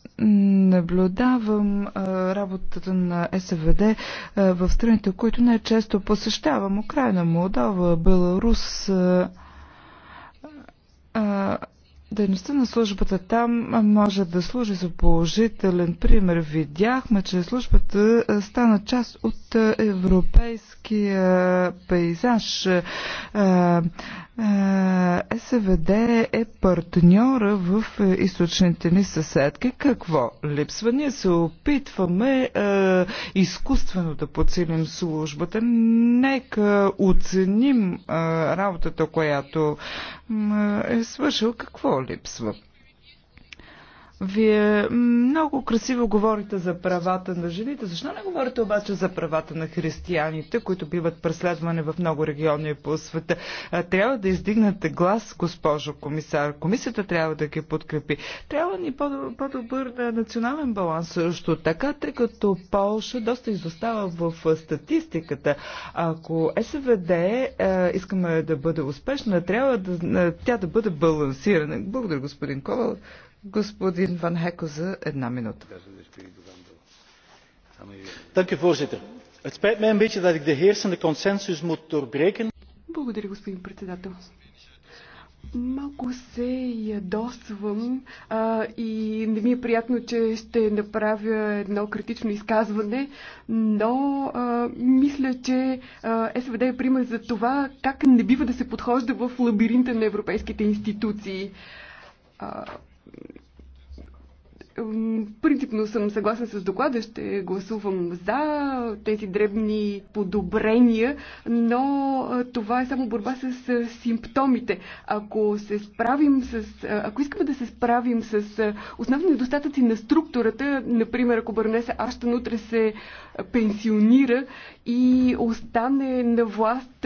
наблюдавам а, работата на СВД а, в страните, които най-често посещавам. Украина, Молдова, Беларус. А, а, Дейността на службата там може да служи за положителен пример. Видяхме, че службата стана част от европейския пейзаж. СВД е партньора в е, източните ни съседки. Какво липсва? Ние се опитваме е, изкуствено да подсилим службата. Нека оценим е, работата, която е свършил. Какво липсва? Вие много красиво говорите за правата на жените. Защо не говорите обаче за правата на християните, които биват преследвани в много региони по света? Трябва да издигнете глас, госпожо комисар. Комисията трябва да ги подкрепи. Трябва ни по-добър национален баланс също така, тъй като Полша доста изостава в статистиката. Ако СВД искаме да бъде успешна, трябва да, тя да бъде балансирана. Благодаря, господин Ковал. Господин Ван Хеко за една минута. Dank u, voorzitter. Het spijt mij een beetje dat ik de heersende consensus moet doorbreken. Благодаря, господин председател. Малко се ядосвам а, и не ми е приятно, че ще направя едно критично изказване, но а, мисля, че а, СВД е пример за това как не бива да се подхожда в лабиринта на европейските институции. А, Принципно съм съгласен с доклада, ще гласувам за тези дребни подобрения, но това е само борба с симптомите. Ако се справим с, ако искаме да се справим с основни недостатъци на структурата, например, ако Бърнеса Аштан утре се пенсионира и остане на власт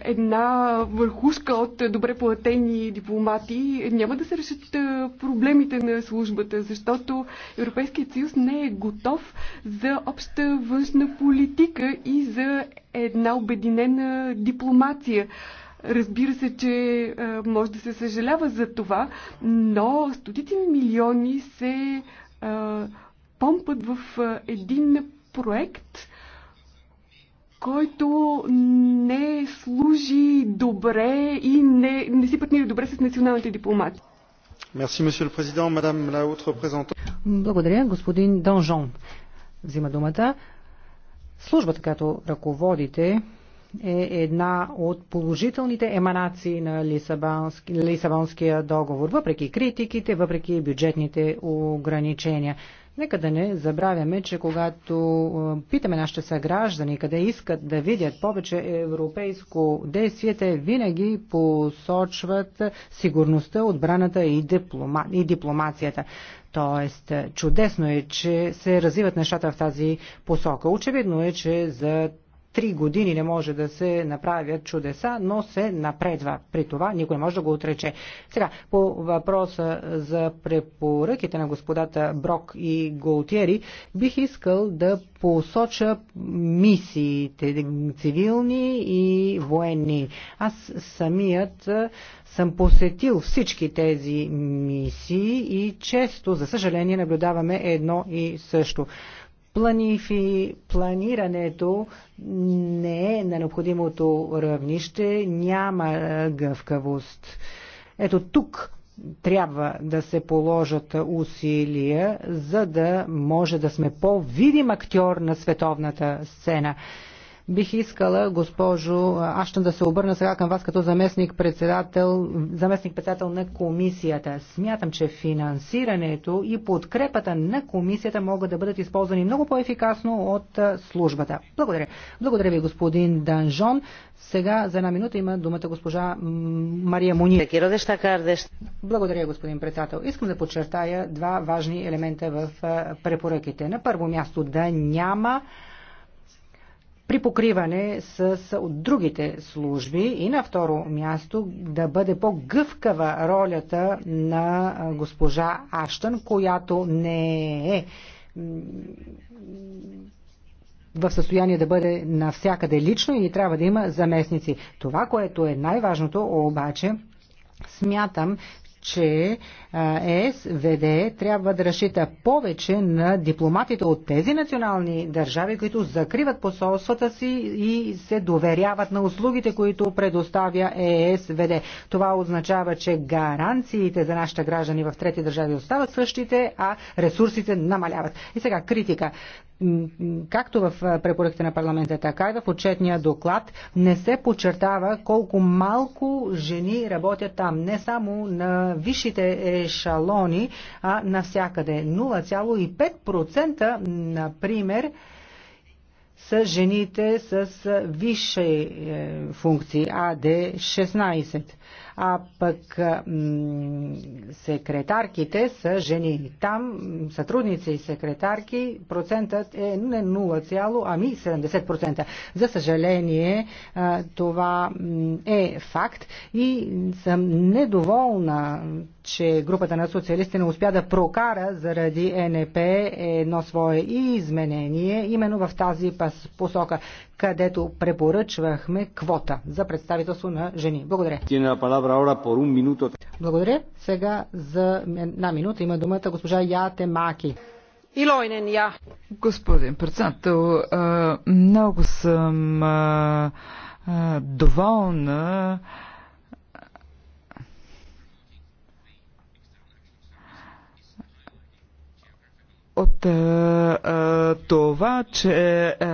една върхушка от добре платени дипломати, няма да се решат проблемите на службата, защото Европейският съюз не е готов за обща външна политика и за една обединена дипломация. Разбира се, че може да се съжалява за това, но стотици милиони се помпат в един проект, който не служи добре и не, не си партнира добре с националните дипломати. Merci, monsieur le président, madame la haute représentante. Благодаря, господин Донжон. Взима думата. Службата, като ръководите, е една от положителните еманации на Лисабонския договор, въпреки критиките, въпреки бюджетните ограничения. Нека да не забравяме, че когато питаме нашите съграждани къде искат да видят повече европейско действие, те винаги посочват сигурността, отбраната и, диплома, и дипломацията. Тоест, чудесно е, че се развиват нещата в тази посока. Очевидно е, че за три години не може да се направят чудеса, но се напредва. При това никой не може да го отрече. Сега, по въпроса за препоръките на господата Брок и Голтиери, бих искал да посоча мисиите цивилни и военни. Аз самият съм посетил всички тези мисии и често, за съжаление, наблюдаваме едно и също. Планифи, планирането не е на необходимото равнище, няма гъвкавост. Ето тук трябва да се положат усилия, за да може да сме по-видим актьор на световната сцена. Бих искала, госпожо ще да се обърна сега към вас като заместник-председател, заместник-председател на комисията. Смятам, че финансирането и подкрепата на комисията могат да бъдат използвани много по-ефикасно от службата. Благодаря. Благодаря ви, господин Данжон. Сега за една минута има думата госпожа Мария Муни. Благодаря, господин председател. Искам да подчертая два важни елемента в препоръките. На първо място да няма при покриване с, с от другите служби и на второ място да бъде по-гъвкава ролята на госпожа Аштън, която не е в състояние да бъде навсякъде лично и трябва да има заместници. Това, което е най-важното обаче, смятам, че ЕСВД трябва да разчита повече на дипломатите от тези национални държави, които закриват посолствата си и се доверяват на услугите, които предоставя ЕСВД. Това означава, че гаранциите за нашите граждани в трети държави остават същите, а ресурсите намаляват. И сега критика както в препоръките на парламента, така и в отчетния доклад, не се подчертава колко малко жени работят там. Не само на висшите ешалони, а навсякъде. 0,5% например са жените с висши е, функции, АД 16 а пък секретарките са жени. Там сътрудници и секретарки процентът е не 0, ами 70%. За съжаление това е факт и съм недоволна че групата на социалисти не успя да прокара заради НП едно свое изменение, именно в тази посока, където препоръчвахме квота за представителство на жени. Благодаря. Благодаря. Сега за една минута има думата госпожа Яте Маки. Илойнен я. Господин председател, много съм доволна от а, е, а, е, това, че а,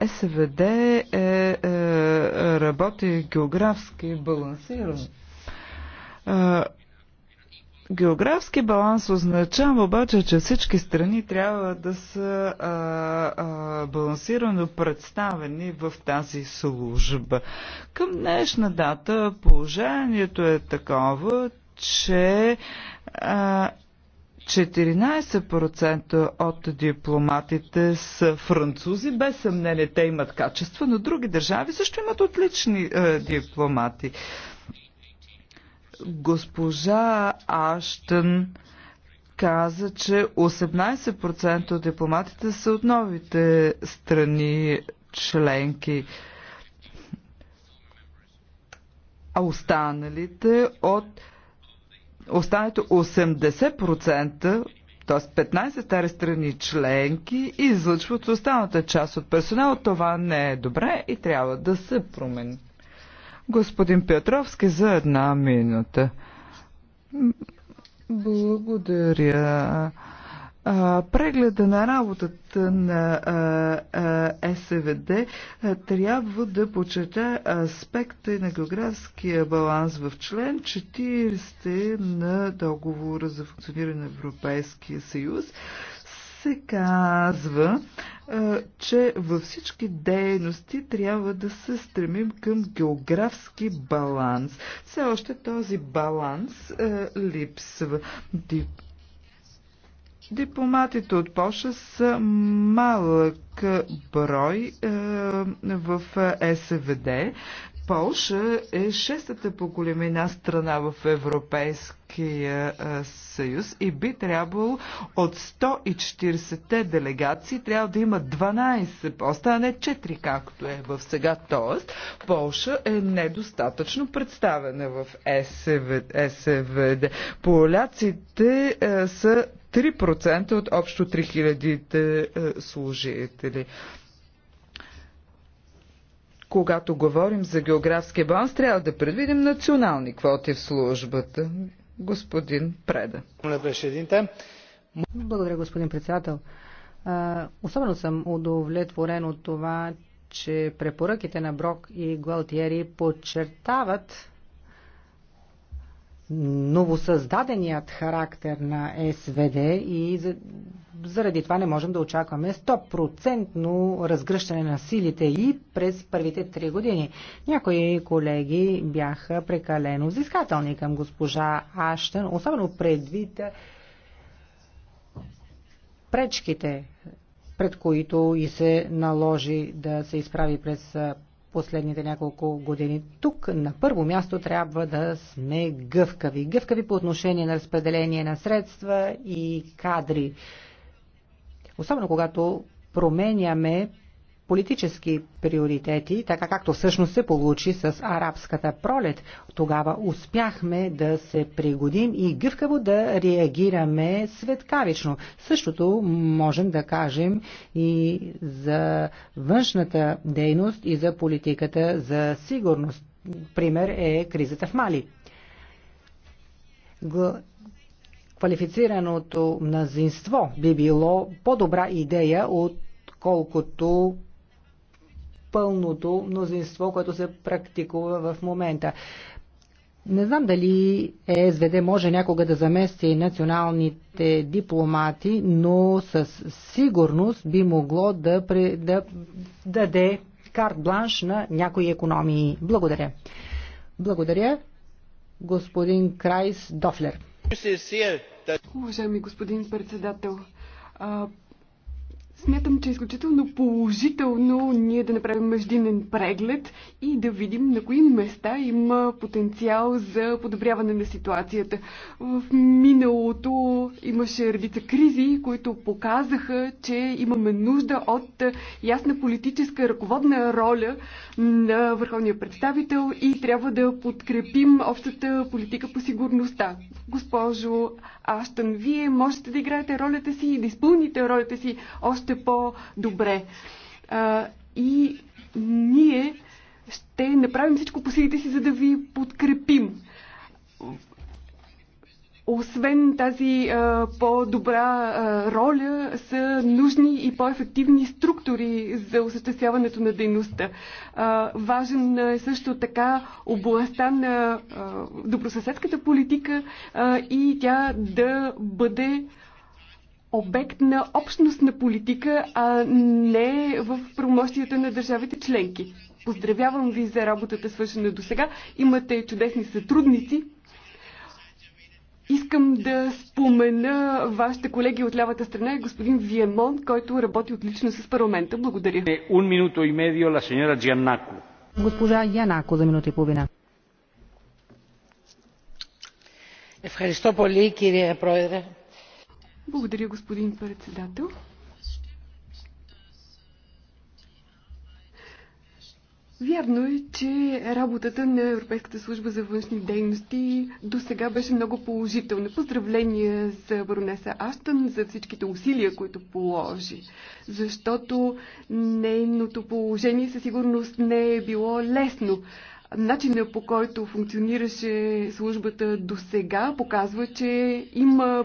е, СВД е, е, работи географски балансирано. Географски баланс означава обаче, че всички страни трябва да са а, а, балансирано представени в тази служба. Към днешна дата положението е такова, че а, 14% от дипломатите са французи. Без съмнение те имат качества, но други държави също имат отлични е, дипломати. Госпожа Аштън каза, че 18% от дипломатите са от новите страни членки а останалите от останалите 80%, т.е. 15 стари страни членки, излъчват останалата част от персонала. Това не е добре и трябва да се промени. Господин Петровски за една минута. Благодаря прегледа на работата на СВД трябва да почета аспекта на географския баланс в член 40 на договора за функциониране на Европейския съюз се казва, че във всички дейности трябва да се стремим към географски баланс. Все още този баланс липсва. Дипломатите от Польша са малък брой е, в СВД. Полша е шестата по големина страна в Европейския съюз и би трябвало от 140-те делегации трябва да има 12 поста, а не 4, както е в сега. Тоест, Полша е недостатъчно представена в СВД. Поляците са 3% от общо 3000 служители. Когато говорим за географски баланс, трябва да предвидим национални квоти в службата. Господин Преда. Благодаря, господин председател. Особено съм удовлетворен от това, че препоръките на Брок и Гуалтиери подчертават новосъздаденият характер на СВД и заради това не можем да очакваме 100% разгръщане на силите и през първите три години. Някои колеги бяха прекалено взискателни към госпожа Аштен, особено предвид пречките, пред които и се наложи да се изправи през последните няколко години. Тук на първо място трябва да сме гъвкави. Гъвкави по отношение на разпределение на средства и кадри. Особено когато променяме политически приоритети, така както всъщност се получи с арабската пролет. Тогава успяхме да се пригодим и гъвкаво да реагираме светкавично. Същото можем да кажем и за външната дейност и за политиката за сигурност. Пример е кризата в Мали квалифицираното мнозинство би било по-добра идея, отколкото пълното мнозинство, което се практикува в момента. Не знам дали ЕСВД може някога да замести националните дипломати, но със сигурност би могло да, пре, да даде карт бланш на някои економии. Благодаря. Благодаря, господин Крайс Дофлер. Уважаеми господин председател, Смятам, че е изключително положително ние да направим междинен преглед и да видим на кои места има потенциал за подобряване на ситуацията. В миналото имаше редица кризи, които показаха, че имаме нужда от ясна политическа ръководна роля на върховния представител и трябва да подкрепим общата политика по сигурността. Госпожо Аштън, вие можете да играете ролята си и да изпълните ролята си още още по-добре. И ние ще направим всичко по силите си, за да ви подкрепим. Освен тази по-добра роля, са нужни и по-ефективни структури за осъществяването на дейността. А, важен е също така областта на а, добросъседската политика а, и тя да бъде обект на общностна политика, а не в промощията на държавите членки. Поздравявам ви за работата свършена до сега. Имате чудесни сътрудници. Искам да спомена вашите колеги от лявата страна и господин Виемон, който работи отлично с парламента. Благодаря. Un minuto и медио, la señora Giannaco. Госпожа Янако за минута и половина. Ευχαριστώ πολύ, κύριε Πρόεδρε. Благодаря, господин председател. Вярно е, че работата на Европейската служба за външни дейности до сега беше много положителна. Поздравления за баронеса Аштън за всичките усилия, които положи. Защото нейното положение със сигурност не е било лесно. Начина по който функционираше службата до сега показва, че има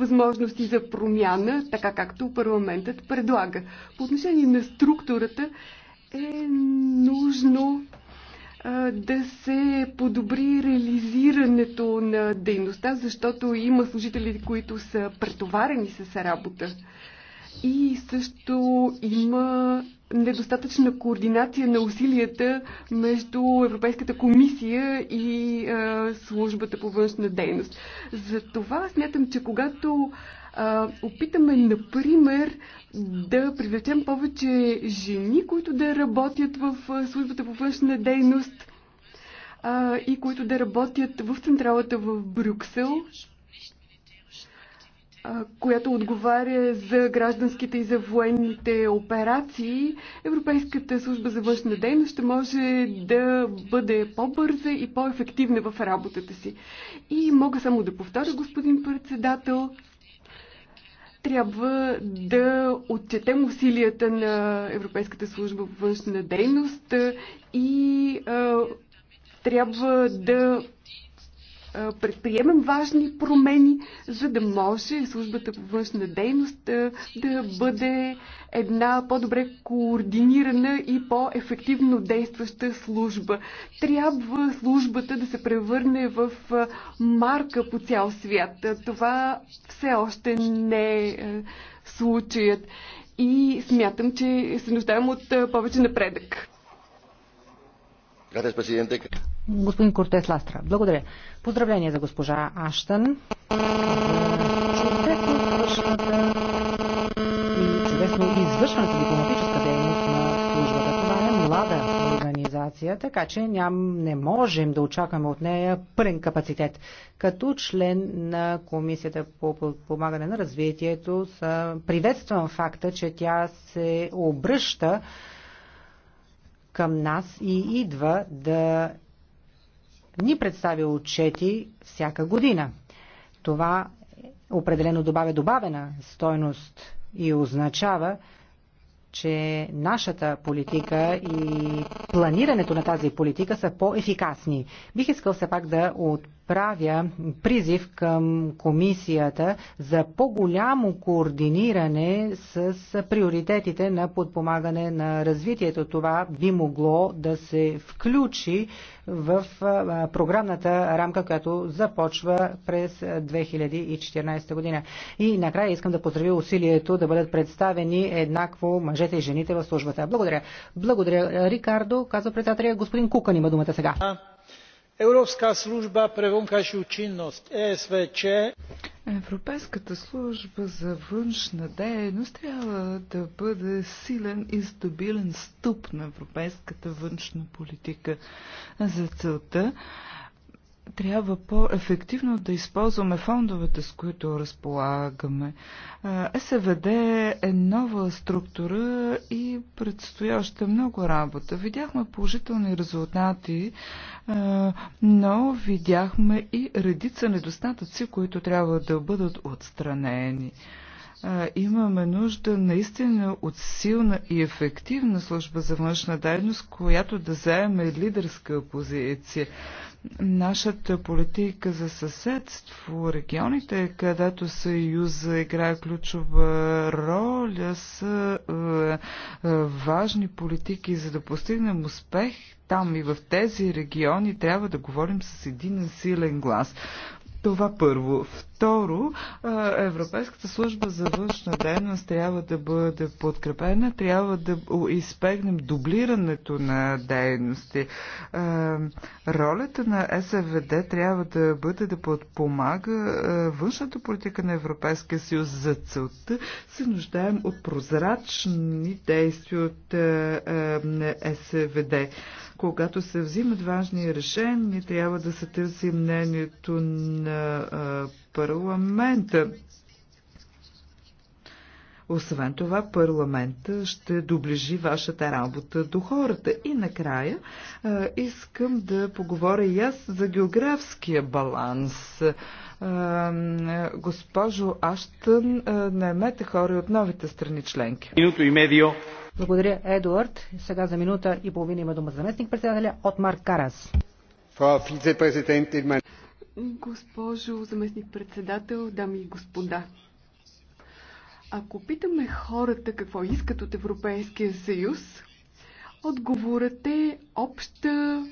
възможности за промяна, така както парламентът предлага. По отношение на структурата е нужно да се подобри реализирането на дейността, защото има служители, които са претоварени с работа. И също има недостатъчна координация на усилията между Европейската комисия и а, службата по външна дейност. Затова смятам, че когато а, опитаме, например, да привлечем повече жени, които да работят в службата по външна дейност а, и които да работят в централата в Брюксел, която отговаря за гражданските и за военните операции, Европейската служба за външна дейност ще може да бъде по-бърза и по-ефективна в работата си. И мога само да повторя, господин председател, трябва да отчетем усилията на Европейската служба в външна дейност и а, трябва да предприемем важни промени, за да може службата по външна дейност да бъде една по-добре координирана и по-ефективно действаща служба. Трябва службата да се превърне в марка по цял свят. Това все още не е случаят. И смятам, че се нуждаем от повече напредък. Господин Кортес Ластра, благодаря. Поздравление за госпожа Аштън. Чудесно свършната и чудесно извършната дипломатическа дейност на службата. Това е млада организация, така че ням, не можем да очакваме от нея пълен капацитет. Като член на Комисията по подпомагане на развитието приветствам факта, че тя се обръща към нас и идва да ни представя отчети всяка година. Това определено добавя добавена стойност и означава, че нашата политика и планирането на тази политика са по-ефикасни. Бих искал все пак да от отправя призив към комисията за по-голямо координиране с приоритетите на подпомагане на развитието. Това би могло да се включи в програмната рамка, която започва през 2014 година. И накрая искам да поздравя усилието да бъдат представени еднакво мъжете и жените в службата. Благодаря. Благодаря, Рикардо. Казва председателя господин Кукан има думата сега. Európska služba pre vonkajšiu činnosť ESVČ Европейската служба за външна дейност трябва да бъде силен и стабилен стъп на европейската външна политика. За целта трябва по-ефективно да използваме фондовете, с които разполагаме. СВД е нова структура и предстои още много работа. Видяхме положителни резултати, но видяхме и редица недостатъци, които трябва да бъдат отстранени имаме нужда наистина от силна и ефективна служба за външна дейност, която да заеме лидерска позиция. Нашата политика за съседство, регионите, където Съюза играе ключова роля, са е, е, важни политики. За да постигнем успех там и в тези региони, трябва да говорим с един силен глас. Това първо. Второ, Европейската служба за външна дейност трябва да бъде подкрепена, трябва да изпегнем дублирането на дейности. Ролята на СВД трябва да бъде да подпомага външната политика на Европейския съюз. За целта се нуждаем от прозрачни действия от СВД. Когато се взимат важни решения, трябва да се търси мнението на парламента. Освен това, парламента ще доближи вашата работа до хората. И накрая а, искам да поговоря и аз за географския баланс. А, госпожо Аштън, а, наймете хора от новите страни членки. Минуто и медио благодаря, Едуард. Сега за минута и половина има дума заместник председателя от Марк Карас. Госпожо заместник председател, дами и господа. Ако питаме хората какво искат от Европейския съюз, отговорът е обща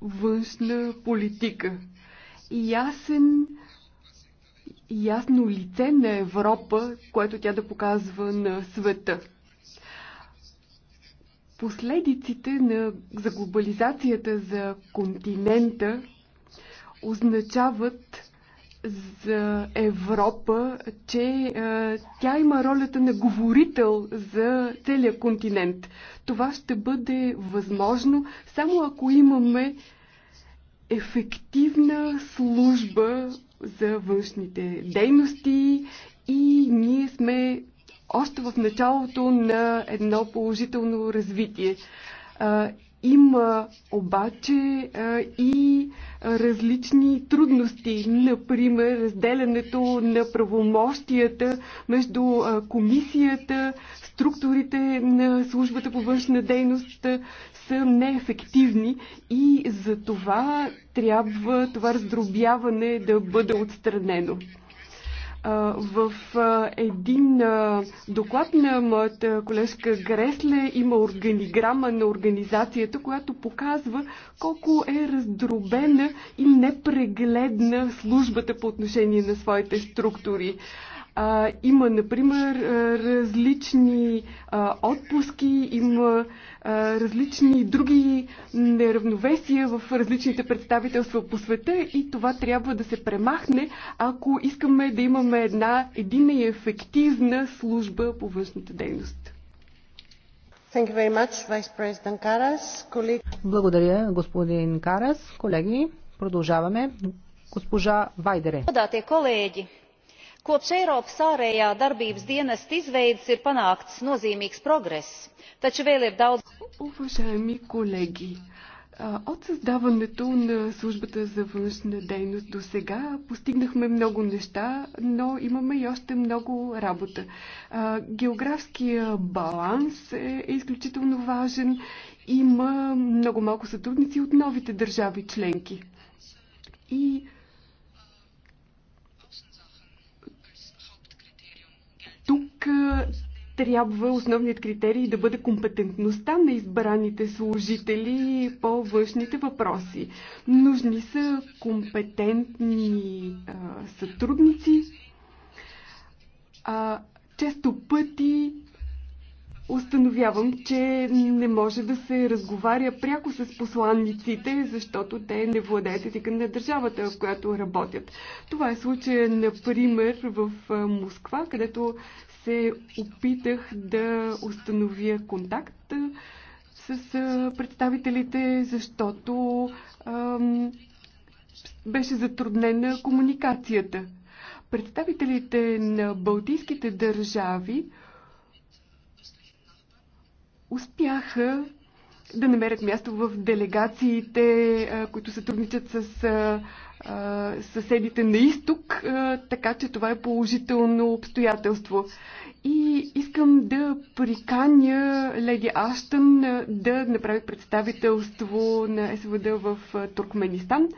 външна политика. Ясен, ясно лице на Европа, което тя да показва на света – Последиците на, за глобализацията за континента означават за Европа, че е, тя има ролята на говорител за целия континент. Това ще бъде възможно само ако имаме ефективна служба за външните дейности и ние сме още в началото на едно положително развитие. Има обаче и различни трудности, например разделянето на правомощията между комисията, структурите на службата по външна дейност са неефективни и за това трябва това раздробяване да бъде отстранено. В един доклад на моята колежка Гресле има органиграма на организацията, която показва колко е раздробена и непрегледна службата по отношение на своите структури. А, има, например, различни а, отпуски, има а, различни други неравновесия в различните представителства по света и това трябва да се премахне, ако искаме да имаме една единна и ефективна служба по външната дейност. Благодаря, господин Карас. Колеги, продължаваме. Госпожа Вайдере. Колеги, kopš eiropas ārējā darbības dienesta izveides ir panākts nozīmīgs progress taču vēl ir daudz. Уважаеми колеги, от създаването на службата за външна дейност до сега постигнахме много неща, но имаме и още много работа. Географския баланс е, е изключително важен. Има много малко сътрудници от новите държави членки. И трябва основният критерий да бъде компетентността на избраните служители по външните въпроси. Нужни са компетентни а, сътрудници. А, често пъти установявам, че не може да се разговаря пряко с посланниците, защото те не владеят езика на държавата, в която работят. Това е случая, например, в Москва, където се опитах да установя контакт с представителите, защото ам, беше затруднена комуникацията. Представителите на балтийските държави успяха да намерят място в делегациите, които сътрудничат с съседите на изток, така че това е положително обстоятелство. И искам да приканя леди Аштън да направи представителство на СВД в Туркменистан.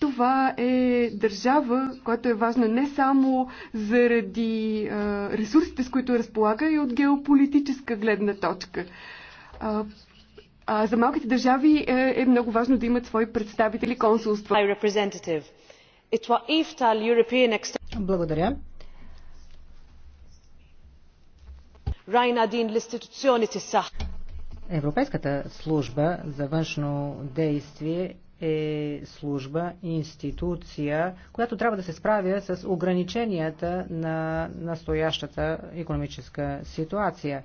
Това е държава, която е важна не само заради ресурсите, с които разполага, и от геополитическа гледна точка а за малките държави е, е много важно да имат свои представители консулства. Благодаря. Европейската служба за външно действие е служба, институция, която трябва да се справя с ограниченията на настоящата економическа ситуация.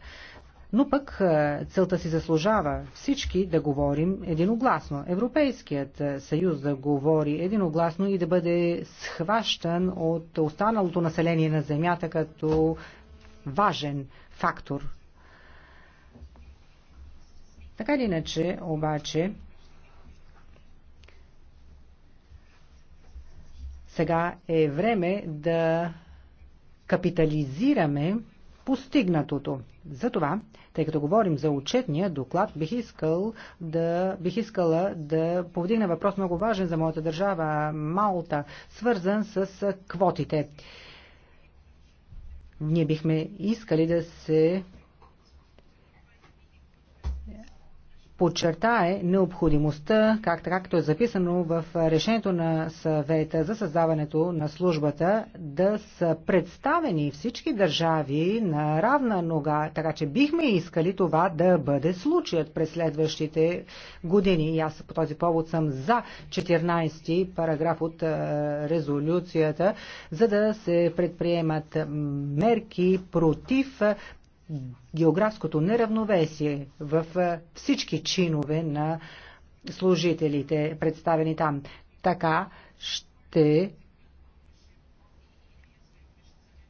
Но пък е, целта си заслужава всички да говорим единогласно. Европейският е, съюз да говори единогласно и да бъде схващан от останалото население на Земята като важен фактор. Така или иначе, обаче, сега е време да капитализираме постигнатото. Затова, тъй като говорим за отчетния доклад, бих, искал да, бих искала да повдигна въпрос много важен за моята държава, Малта, свързан с квотите. Ние бихме искали да се подчертае необходимостта, как, както е записано в решението на съвета за създаването на службата, да са представени всички държави на равна нога, така че бихме искали това да бъде случаят през следващите години. И аз по този повод съм за 14 параграф от е, резолюцията, за да се предприемат мерки против географското неравновесие в всички чинове на служителите, представени там. Така ще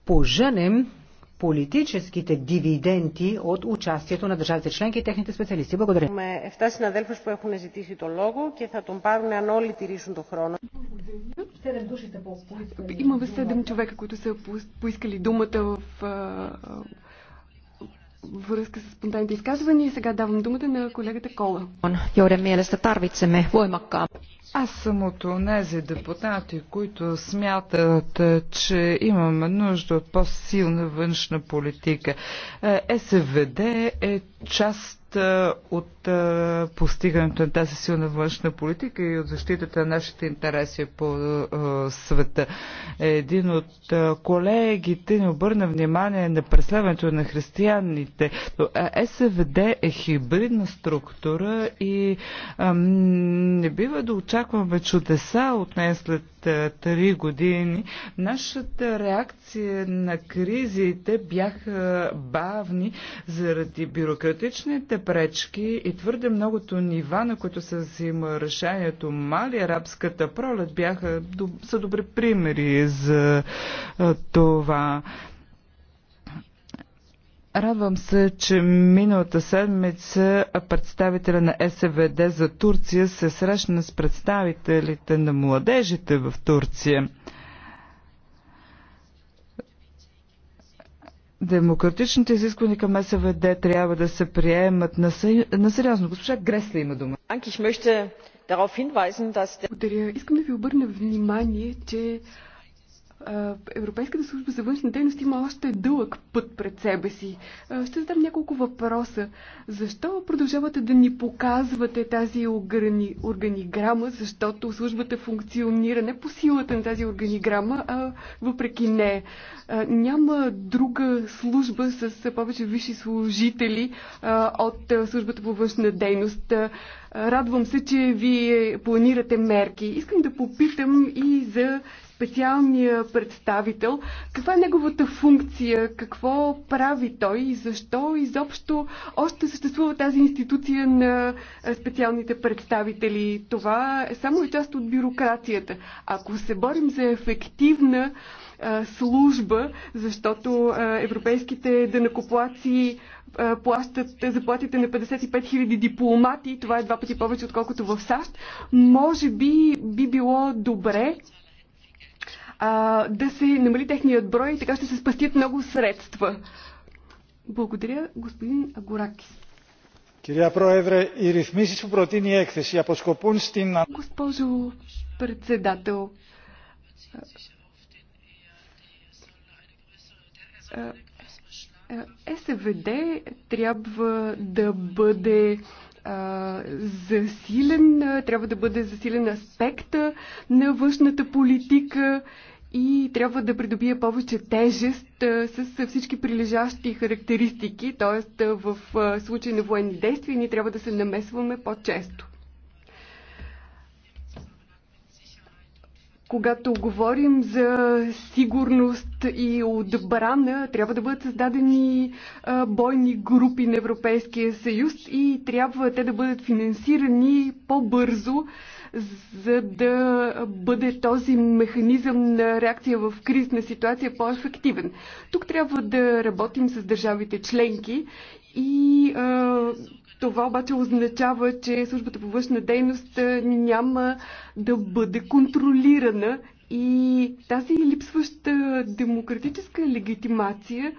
поженем политическите дивиденти от участието на държавите членки и техните специалисти. Благодаря. Имаме 7 συναδέλφους που έχουν ζητήσει το λόγο και θα τον πάρουν αν όλοι τηρήσουν χρόνο. Имаме 7 човека, които са поискали думата в връзка с спонтанните изказвания. И сега давам думата на колегата Кола. Joiden mielestä tarvitsemme voimakkaa. Аз съм от тези депутати, които смятат, че имаме нужда от по-силна външна политика. Е, СВД е част от е, е, постигането на тази силна външна политика и от защитата на нашите интереси по е, света. Един от колегите ни обърна внимание на преследването на християните. СВД е хибридна структура и не бива да очакваме чудеса от нея след три години. Нашата реакция на кризите бяха бавни заради бюрократичните пречки и твърде многото нива, на които се взима решението Мали, арабската пролет бяха, са добри примери за това. Радвам се, че миналата седмица представителя на СВД за Турция се срещна с представителите на младежите в Турция. Демократичните изисквания към СВД трябва да се приемат на, сериозно. Госпожа Гресли има дума. Благодаря. Искам да ви обърна внимание, че Европейската служба за външна дейност има още дълъг път пред себе си. Ще задам няколко въпроса. Защо продължавате да ни показвате тази органи... органиграма? Защото службата функционира не по силата на тази органиграма, а въпреки не. Няма друга служба с повече висши служители от службата по външна дейност. Радвам се, че вие планирате мерки. Искам да попитам и за специалния представител, каква е неговата функция, какво прави той и защо изобщо още съществува тази институция на специалните представители. Това е само и част от бюрокрацията. Ако се борим за ефективна служба, защото европейските дънакоплаци плащат заплатите на 55 000 дипломати, това е два пъти повече, отколкото в САЩ, може би би било добре а, да се намали техният брой и така ще се спастят много средства. Благодаря, господин Агоракис. Κυρία Πρόεδρε, οι ρυθμίσει που προτείνει η έκθεση αποσκοπούν στην. Госпожо председател, СВД трябва да бъде засилен, трябва да бъде засилен аспекта на външната политика и трябва да придобие повече тежест с всички прилежащи характеристики, т.е. в случай на военни действия ние трябва да се намесваме по-често. Когато говорим за сигурност и отбрана, трябва да бъдат създадени бойни групи на Европейския съюз и трябва те да бъдат финансирани по-бързо, за да бъде този механизъм на реакция в кризна ситуация по-ефективен. Тук трябва да работим с държавите членки и а, това обаче означава, че службата по външна дейност няма да бъде контролирана и тази липсваща демократическа легитимация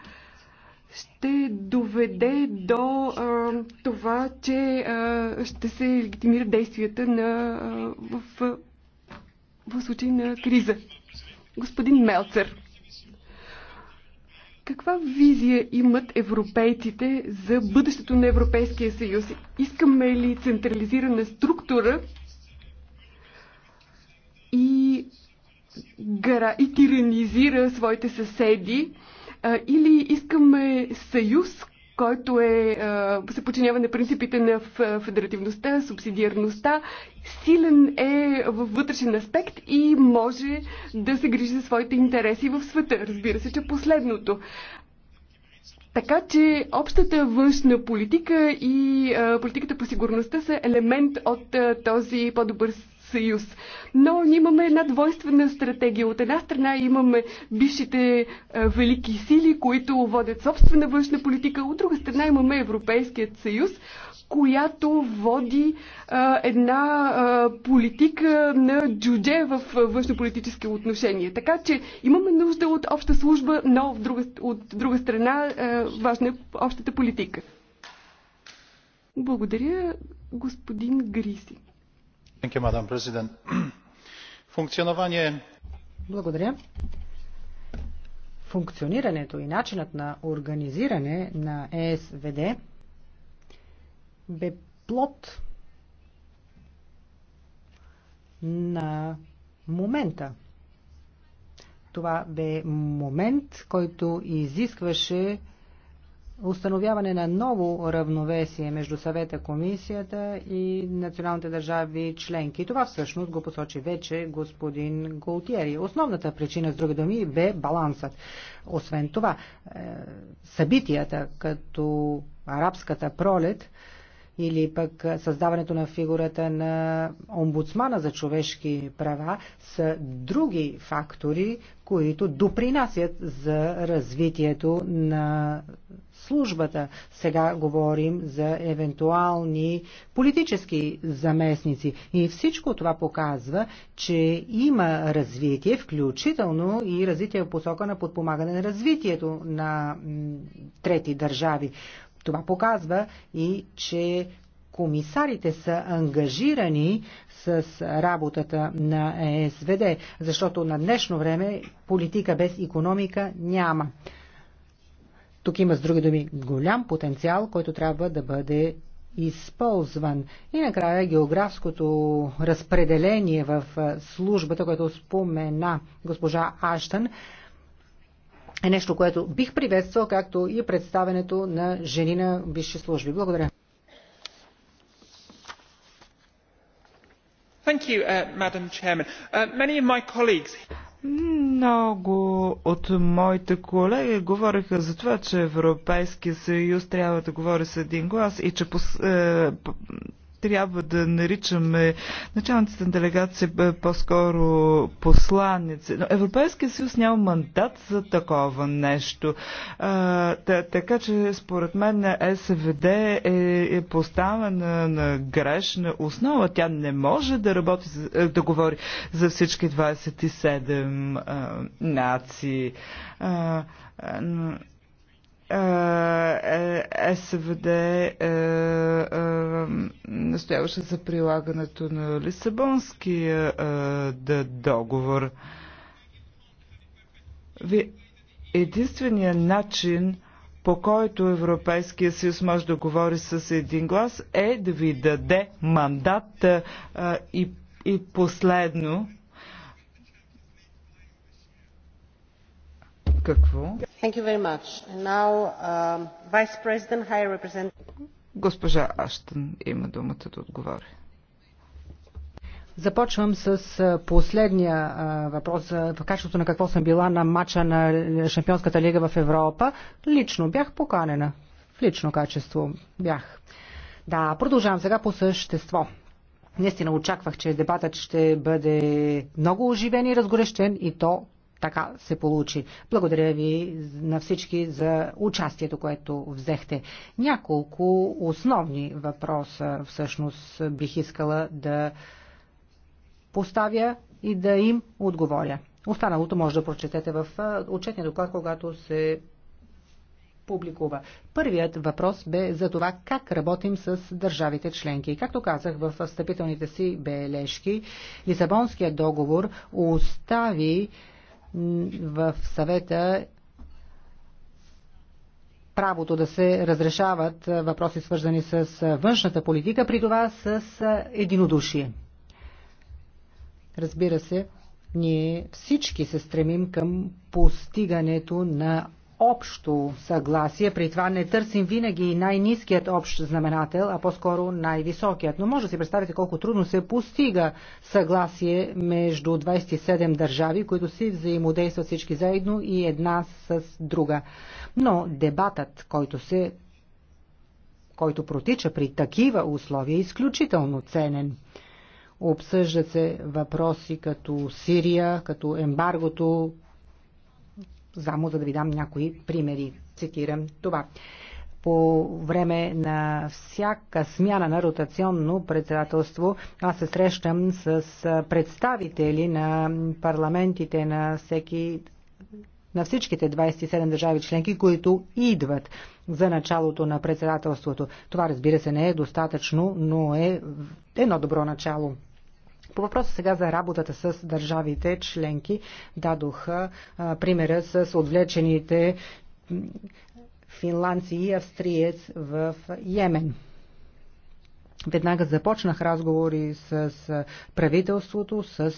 ще доведе до а, това, че а, ще се легитимират действията на, а, в, в случай на криза. Господин Мелцер, каква визия имат европейците за бъдещето на Европейския съюз? Искаме ли централизирана структура и, гара, и тиранизира своите съседи? или искаме съюз, който е, се подчинява на принципите на федеративността, субсидиарността, силен е във вътрешен аспект и може да се грижи за своите интереси в света. Разбира се, че последното. Така че общата външна политика и а, политиката по сигурността са елемент от а, този по-добър съюз. Но ние имаме една двойствена стратегия. От една страна имаме бившите велики сили, които водят собствена външна политика, от друга страна имаме Европейският съюз, която води а, една а, политика на джудже в външнополитически отношения. Така че имаме нужда от обща служба, но в друга, от друга страна а, важна е общата политика. Благодаря, господин Гриси. Благодаря. Функционирането и начинът на организиране на ЕСВД бе плод на момента. Това бе момент, който изискваше установяване на ново равновесие между съвета, комисията и националните държави членки. Това всъщност го посочи вече господин Голтиери. Основната причина, с други думи, бе балансът. Освен това, е, събитията като арабската пролет или пък създаването на фигурата на омбудсмана за човешки права са други фактори, които допринасят за развитието на службата. Сега говорим за евентуални политически заместници. И всичко това показва, че има развитие, включително и развитие в посока на подпомагане на развитието на трети държави. Това показва и, че комисарите са ангажирани с работата на СВД, защото на днешно време политика без економика няма. Тук има с други думи голям потенциал, който трябва да бъде използван. И накрая географското разпределение в службата, което спомена госпожа Аштън, е нещо, което бих приветствал, както и представенето на жени на висши служби. Благодаря. Uh, uh, Много от моите колеги говориха за това, че Европейския съюз трябва да говори с един глас и че е, трябва да наричаме началниците на делегация по-скоро посланници. Но Европейския съюз няма мандат за такова нещо. А, та, така че според мен СВД е, е поставена на грешна основа. Тя не може да работи, е, да говори за всички 27 а, нации. А, а, СВД е, е, настояваше за прилагането на Лисабонския е, договор. Единственият начин по който Европейския съюз може да говори с един глас е да ви даде мандат а, и, и последно. Какво? Uh, Госпожа Аштън има думата да отговори. Започвам с последния въпрос в качеството на какво съм била на матча на Шампионската лига в Европа. Лично бях поканена. В лично качество бях. Да, продължавам сега по същество. Наистина очаквах, че дебатът ще бъде много оживен и разгорещен и то така се получи. Благодаря ви на всички за участието, което взехте. Няколко основни въпроса всъщност бих искала да поставя и да им отговоря. Останалото може да прочетете в отчетния доклад, когато се публикува. Първият въпрос бе за това как работим с държавите членки. Както казах в встъпителните си бележки, Лисабонският договор остави в съвета правото да се разрешават въпроси свързани с външната политика, при това с единодушие. Разбира се, ние всички се стремим към постигането на общо съгласие. При това не търсим винаги най-низкият общ знаменател, а по-скоро най-високият. Но може да си представите колко трудно се постига съгласие между 27 държави, които си взаимодействат всички заедно и една с друга. Но дебатът, който се който протича при такива условия, е изключително ценен. Обсъждат се въпроси като Сирия, като ембаргото само за да ви дам някои примери. Цитирам това. По време на всяка смяна на ротационно председателство аз се срещам с представители на парламентите на всеки на всичките 27 държави членки, които идват за началото на председателството. Това разбира се не е достатъчно, но е едно добро начало. По въпроса сега за работата с държавите членки дадоха а, примера с отвлечените финландци и австриец в Йемен. Веднага започнах разговори с правителството, с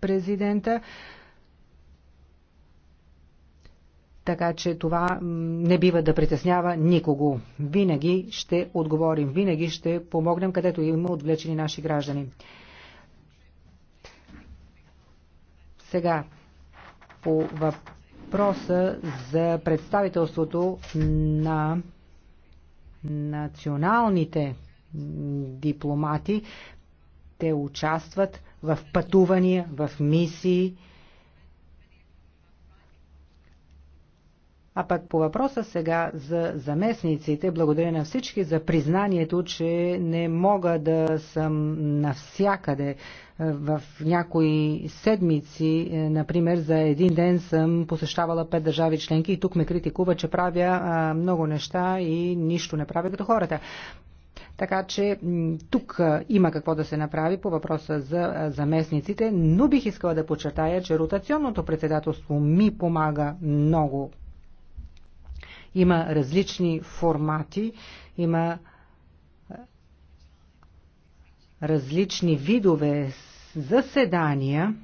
президента. Така че това не бива да притеснява никого. Винаги ще отговорим, винаги ще помогнем, където има отвлечени наши граждани. Сега, по въпроса за представителството на националните дипломати, те участват в пътувания, в мисии, А пък по въпроса сега за заместниците, благодаря на всички за признанието, че не мога да съм навсякъде. В някои седмици, е, например, за един ден съм посещавала пет държави членки и тук ме критикува, че правя много неща и нищо не правя като хората. Така че тук има какво да се направи по въпроса за заместниците, но бих искала да подчертая, че ротационното председателство ми помага много има различни формати, има различни видове заседания,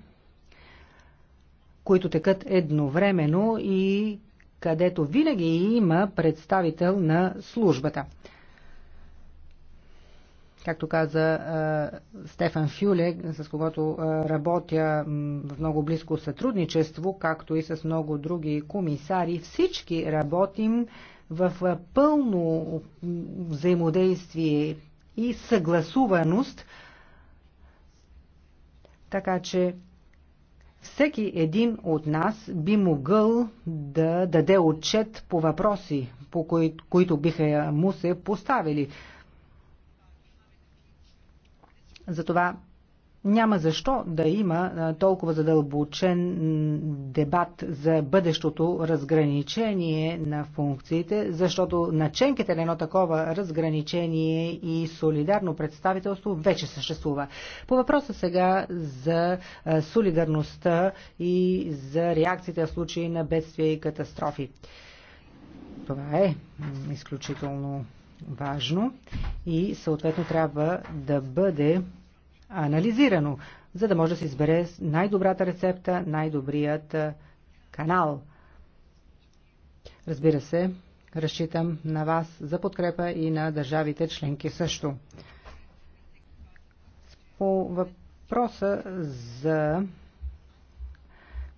които текат едновременно и където винаги има представител на службата. Както каза Стефан Фюле, с когото работя в много близко сътрудничество, както и с много други комисари, всички работим в пълно взаимодействие и съгласуваност, така че всеки един от нас би могъл да даде отчет по въпроси, по кои, които биха му се поставили. Затова няма защо да има толкова задълбочен дебат за бъдещото разграничение на функциите, защото наченките на едно такова разграничение и солидарно представителство вече съществува. По въпроса сега за солидарността и за реакциите в случаи на бедствия и катастрофи. Това е изключително важно и съответно трябва да бъде анализирано, за да може да се избере най-добрата рецепта, най-добрият канал. Разбира се, разчитам на вас за подкрепа и на държавите членки също. По въпроса за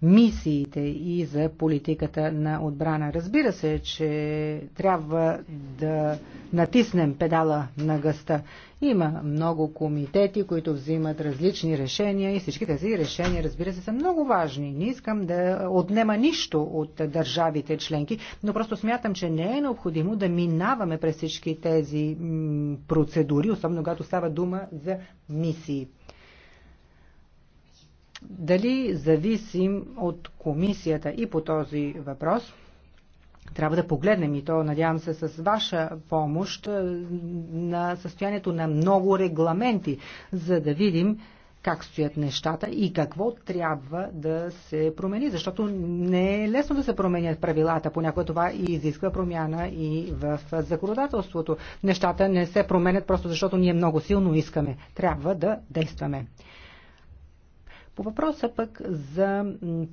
мисиите и за политиката на отбрана. Разбира се, че трябва да натиснем педала на гъста. Има много комитети, които взимат различни решения и всички тези решения, разбира се, са много важни. Не искам да отнема нищо от държавите членки, но просто смятам, че не е необходимо да минаваме през всички тези процедури, особено когато става дума за мисии дали зависим от комисията и по този въпрос – трябва да погледнем и то, надявам се, с ваша помощ е, на състоянието на много регламенти, за да видим как стоят нещата и какво трябва да се промени, защото не е лесно да се променят правилата, понякога това и изисква промяна и в законодателството. Нещата не се променят просто защото ние много силно искаме. Трябва да действаме. По въпроса пък за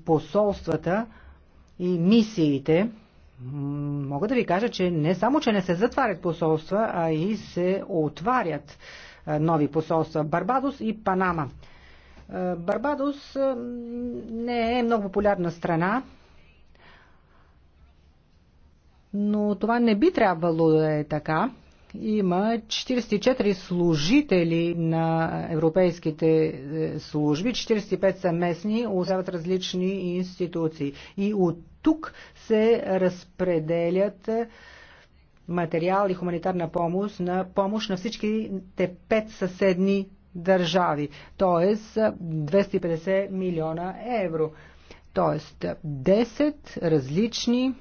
посолствата и мисиите, мога да ви кажа, че не само, че не се затварят посолства, а и се отварят нови посолства. Барбадос и Панама. Барбадос не е много популярна страна, но това не би трябвало да е така има 44 служители на европейските е, служби, 45 са местни, остават различни институции. И от тук се разпределят е, материал и хуманитарна помощ на помощ на всички те пет съседни държави, т.е. 250 милиона евро. Т.е. 10 различни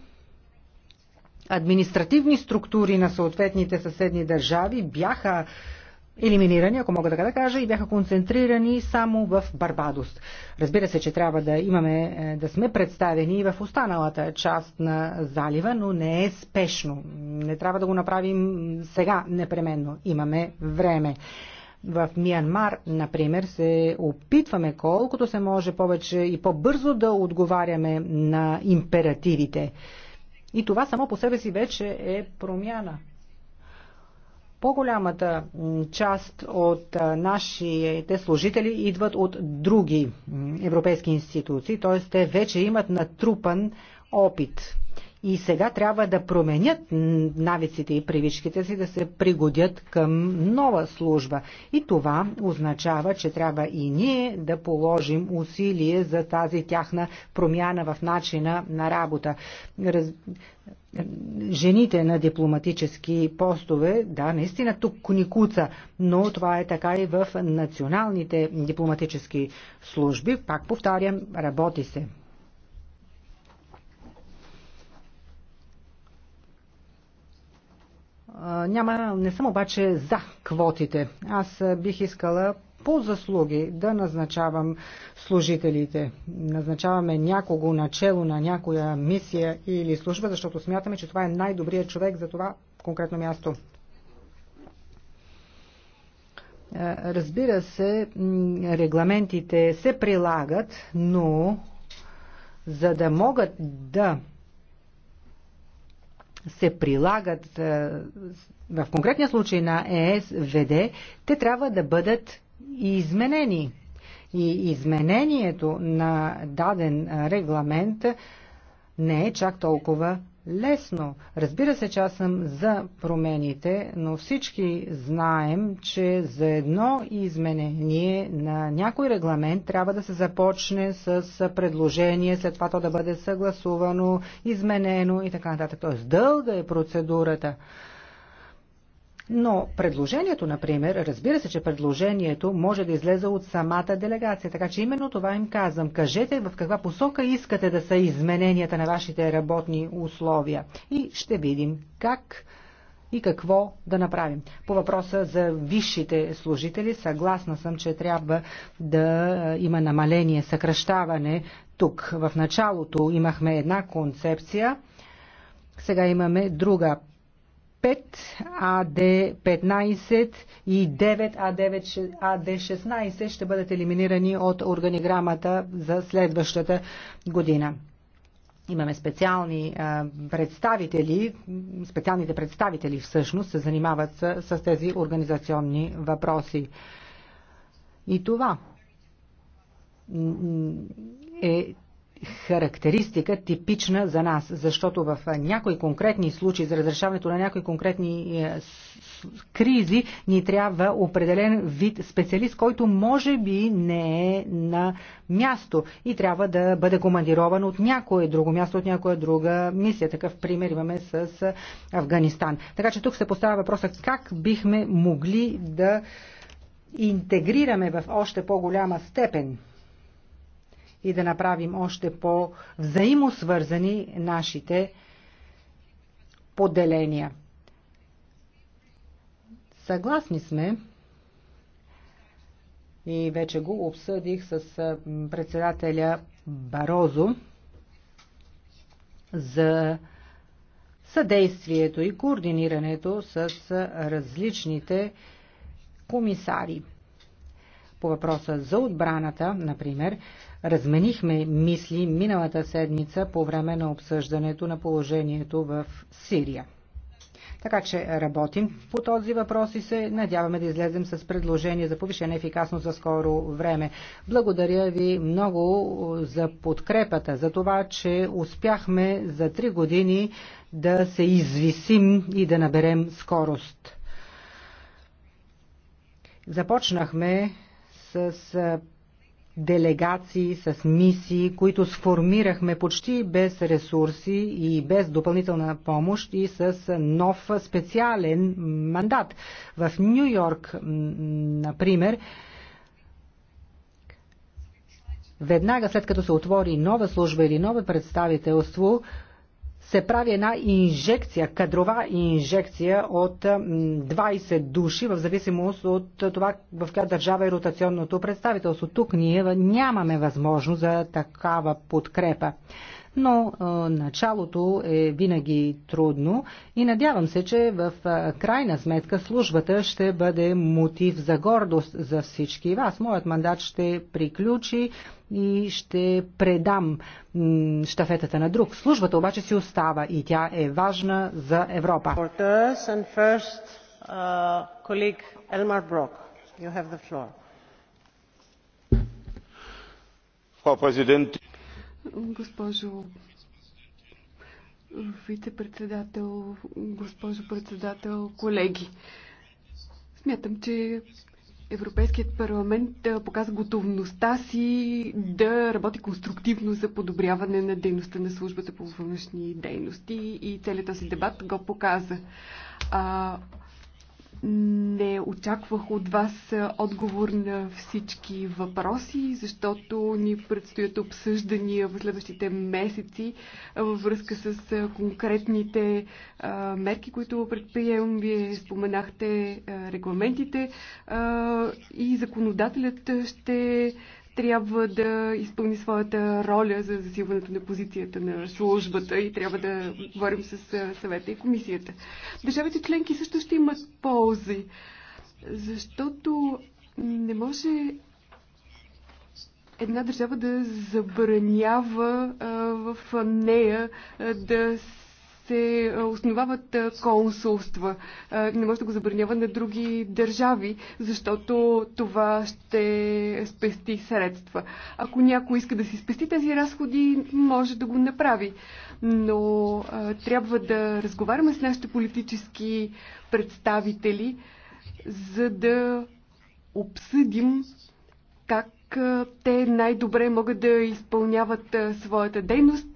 административни структури на съответните съседни държави бяха елиминирани, ако мога така да кажа, и бяха концентрирани само в Барбадост. Разбира се, че трябва да имаме, е, да сме представени и в останалата част на залива, но не е спешно. Не трябва да го направим сега непременно. Имаме време. В Миянмар, например, се опитваме колкото се може повече и по-бързо да отговаряме на императивите. И това само по себе си вече е промяна. По-голямата част от нашите служители идват от други европейски институции, т.е. те вече имат натрупан опит и сега трябва да променят навиците и привичките си да се пригодят към нова служба. И това означава, че трябва и ние да положим усилие за тази тяхна промяна в начина на работа. Раз... Жените на дипломатически постове, да, наистина тук коникуца, но това е така и в националните дипломатически служби. Пак повтарям, работи се. няма, не съм обаче за квотите. Аз бих искала по заслуги да назначавам служителите. Назначаваме някого начало на някоя мисия или служба, защото смятаме, че това е най-добрият човек за това конкретно място. Разбира се, регламентите се прилагат, но за да могат да се прилагат е, в конкретния случай на ЕСВД, те трябва да бъдат изменени. И изменението на даден регламент не е чак толкова лесно. Разбира се, че аз съм за промените, но всички знаем, че за едно изменение на някой регламент трябва да се започне с предложение, след това то да бъде съгласувано, изменено и така нататък. Тоест дълга е процедурата. Но предложението, например, разбира се, че предложението може да излезе от самата делегация. Така че именно това им казвам. Кажете в каква посока искате да са измененията на вашите работни условия. И ще видим как и какво да направим. По въпроса за висшите служители, съгласна съм, че трябва да има намаление, съкръщаване. Тук в началото имахме една концепция, сега имаме друга 5 АД-15 и 9 АД-16 ще бъдат елиминирани от органиграмата за следващата година. Имаме специални представители, специалните представители всъщност се занимават с, с тези организационни въпроси. И това е характеристика типична за нас, защото в някои конкретни случаи, за разрешаването на някои конкретни е, кризи, ни трябва определен вид специалист, който може би не е на място и трябва да бъде командирован от някое друго място, от някоя друга мисия. Такъв пример имаме с Афганистан. Така че тук се поставя въпроса как бихме могли да интегрираме в още по-голяма степен и да направим още по-взаимосвързани нашите поделения. Съгласни сме и вече го обсъдих с председателя Барозо за съдействието и координирането с различните комисари. По въпроса за отбраната, например, Разменихме мисли миналата седмица по време на обсъждането на положението в Сирия. Така че работим по този въпрос и се надяваме да излезем с предложение за повишена ефикасност за скоро време. Благодаря ви много за подкрепата, за това, че успяхме за три години да се извисим и да наберем скорост. Започнахме с делегации, с мисии, които сформирахме почти без ресурси и без допълнителна помощ и с нов специален мандат. В Нью Йорк, например, веднага след като се отвори нова служба или ново представителство, се прави една инжекция, кадрова инжекция от 20 души, в зависимост от това в коя държава е ротационното представителство. Тук ние нямаме възможност за такава подкрепа но началото е винаги трудно и надявам се, че в крайна сметка службата ще бъде мотив за гордост за всички вас. Моят мандат ще приключи и ще предам штафетата на друг. Службата обаче си остава и тя е важна за Европа. Uh, Frau Präsidentin! Госпожо вице-председател, госпожо председател, колеги. Смятам, че Европейският парламент показа готовността си да работи конструктивно за подобряване на дейността на службата по външни дейности и целият този дебат го показа. А, не очаквах от вас е, отговор на всички въпроси, защото ни предстоят обсъждания в следващите месеци е, във връзка с е, конкретните мерки, които предприемам. Вие споменахте регламентите и законодателят ще трябва да изпълни своята роля за засилването на позицията на службата и трябва да говорим с съвета и комисията. Държавите членки също ще имат ползи, защото не може една държава да забранява а, в нея а, да се основават консулства. Не може да го забранява на други държави, защото това ще спести средства. Ако някой иска да си спести тези разходи, може да го направи. Но трябва да разговаряме с нашите политически представители, за да обсъдим как те най-добре могат да изпълняват своята дейност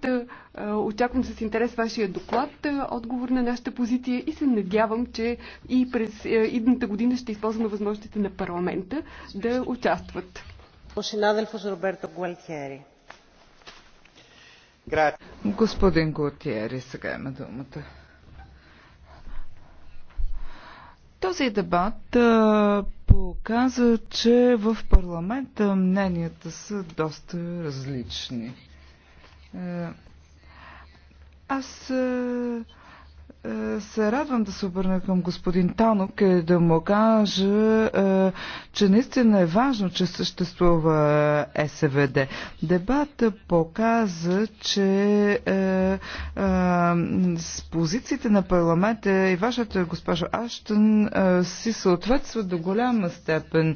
е, очаквам с интерес вашия доклад, е, отговор на нашата позиция и се надявам, че и през е, идната година ще използваме възможностите на парламента да участват. Господин Гуатиери, сега има думата. Този дебат показа, че в парламента мненията са доста различни. Аз е, е, се радвам да се обърна към господин Танок и да му кажа, е, че наистина е важно, че съществува СВД. Дебата показа, че с позициите на парламента и вашата госпожа Аштън си съответстват до голяма степен.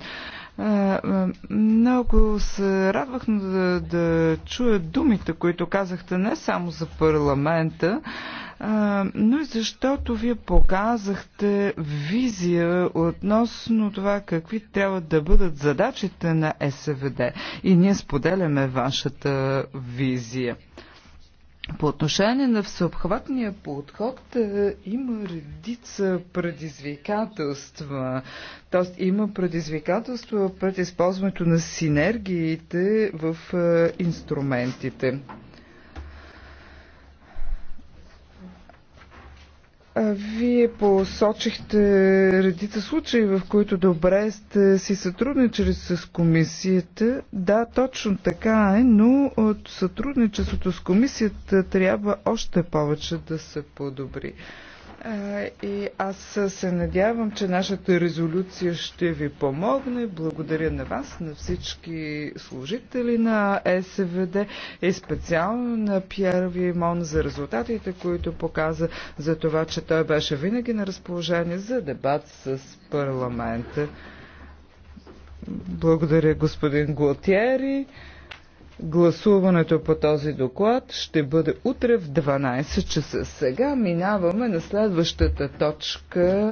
Много се радвах да, да чуя думите, които казахте не само за парламента, но и защото вие показахте визия относно това какви трябва да бъдат задачите на СВД. И ние споделяме вашата визия. По отношение на всеобхватния подход е, има редица предизвикателства. Тоест има предизвикателства пред използването на синергиите в е, инструментите. Вие посочихте редица случаи, в които добре сте си сътрудничали с комисията. Да, точно така е, но от сътрудничеството с комисията трябва още повече да се подобри. И аз се надявам, че нашата резолюция ще ви помогне. Благодаря на вас, на всички служители на СВД и специално на Пьер Вимон за резултатите, които показа за това, че той беше винаги на разположение за дебат с парламента. Благодаря господин Глотиери. Гласуването по този доклад ще бъде утре в 12 часа. Сега минаваме на следващата точка.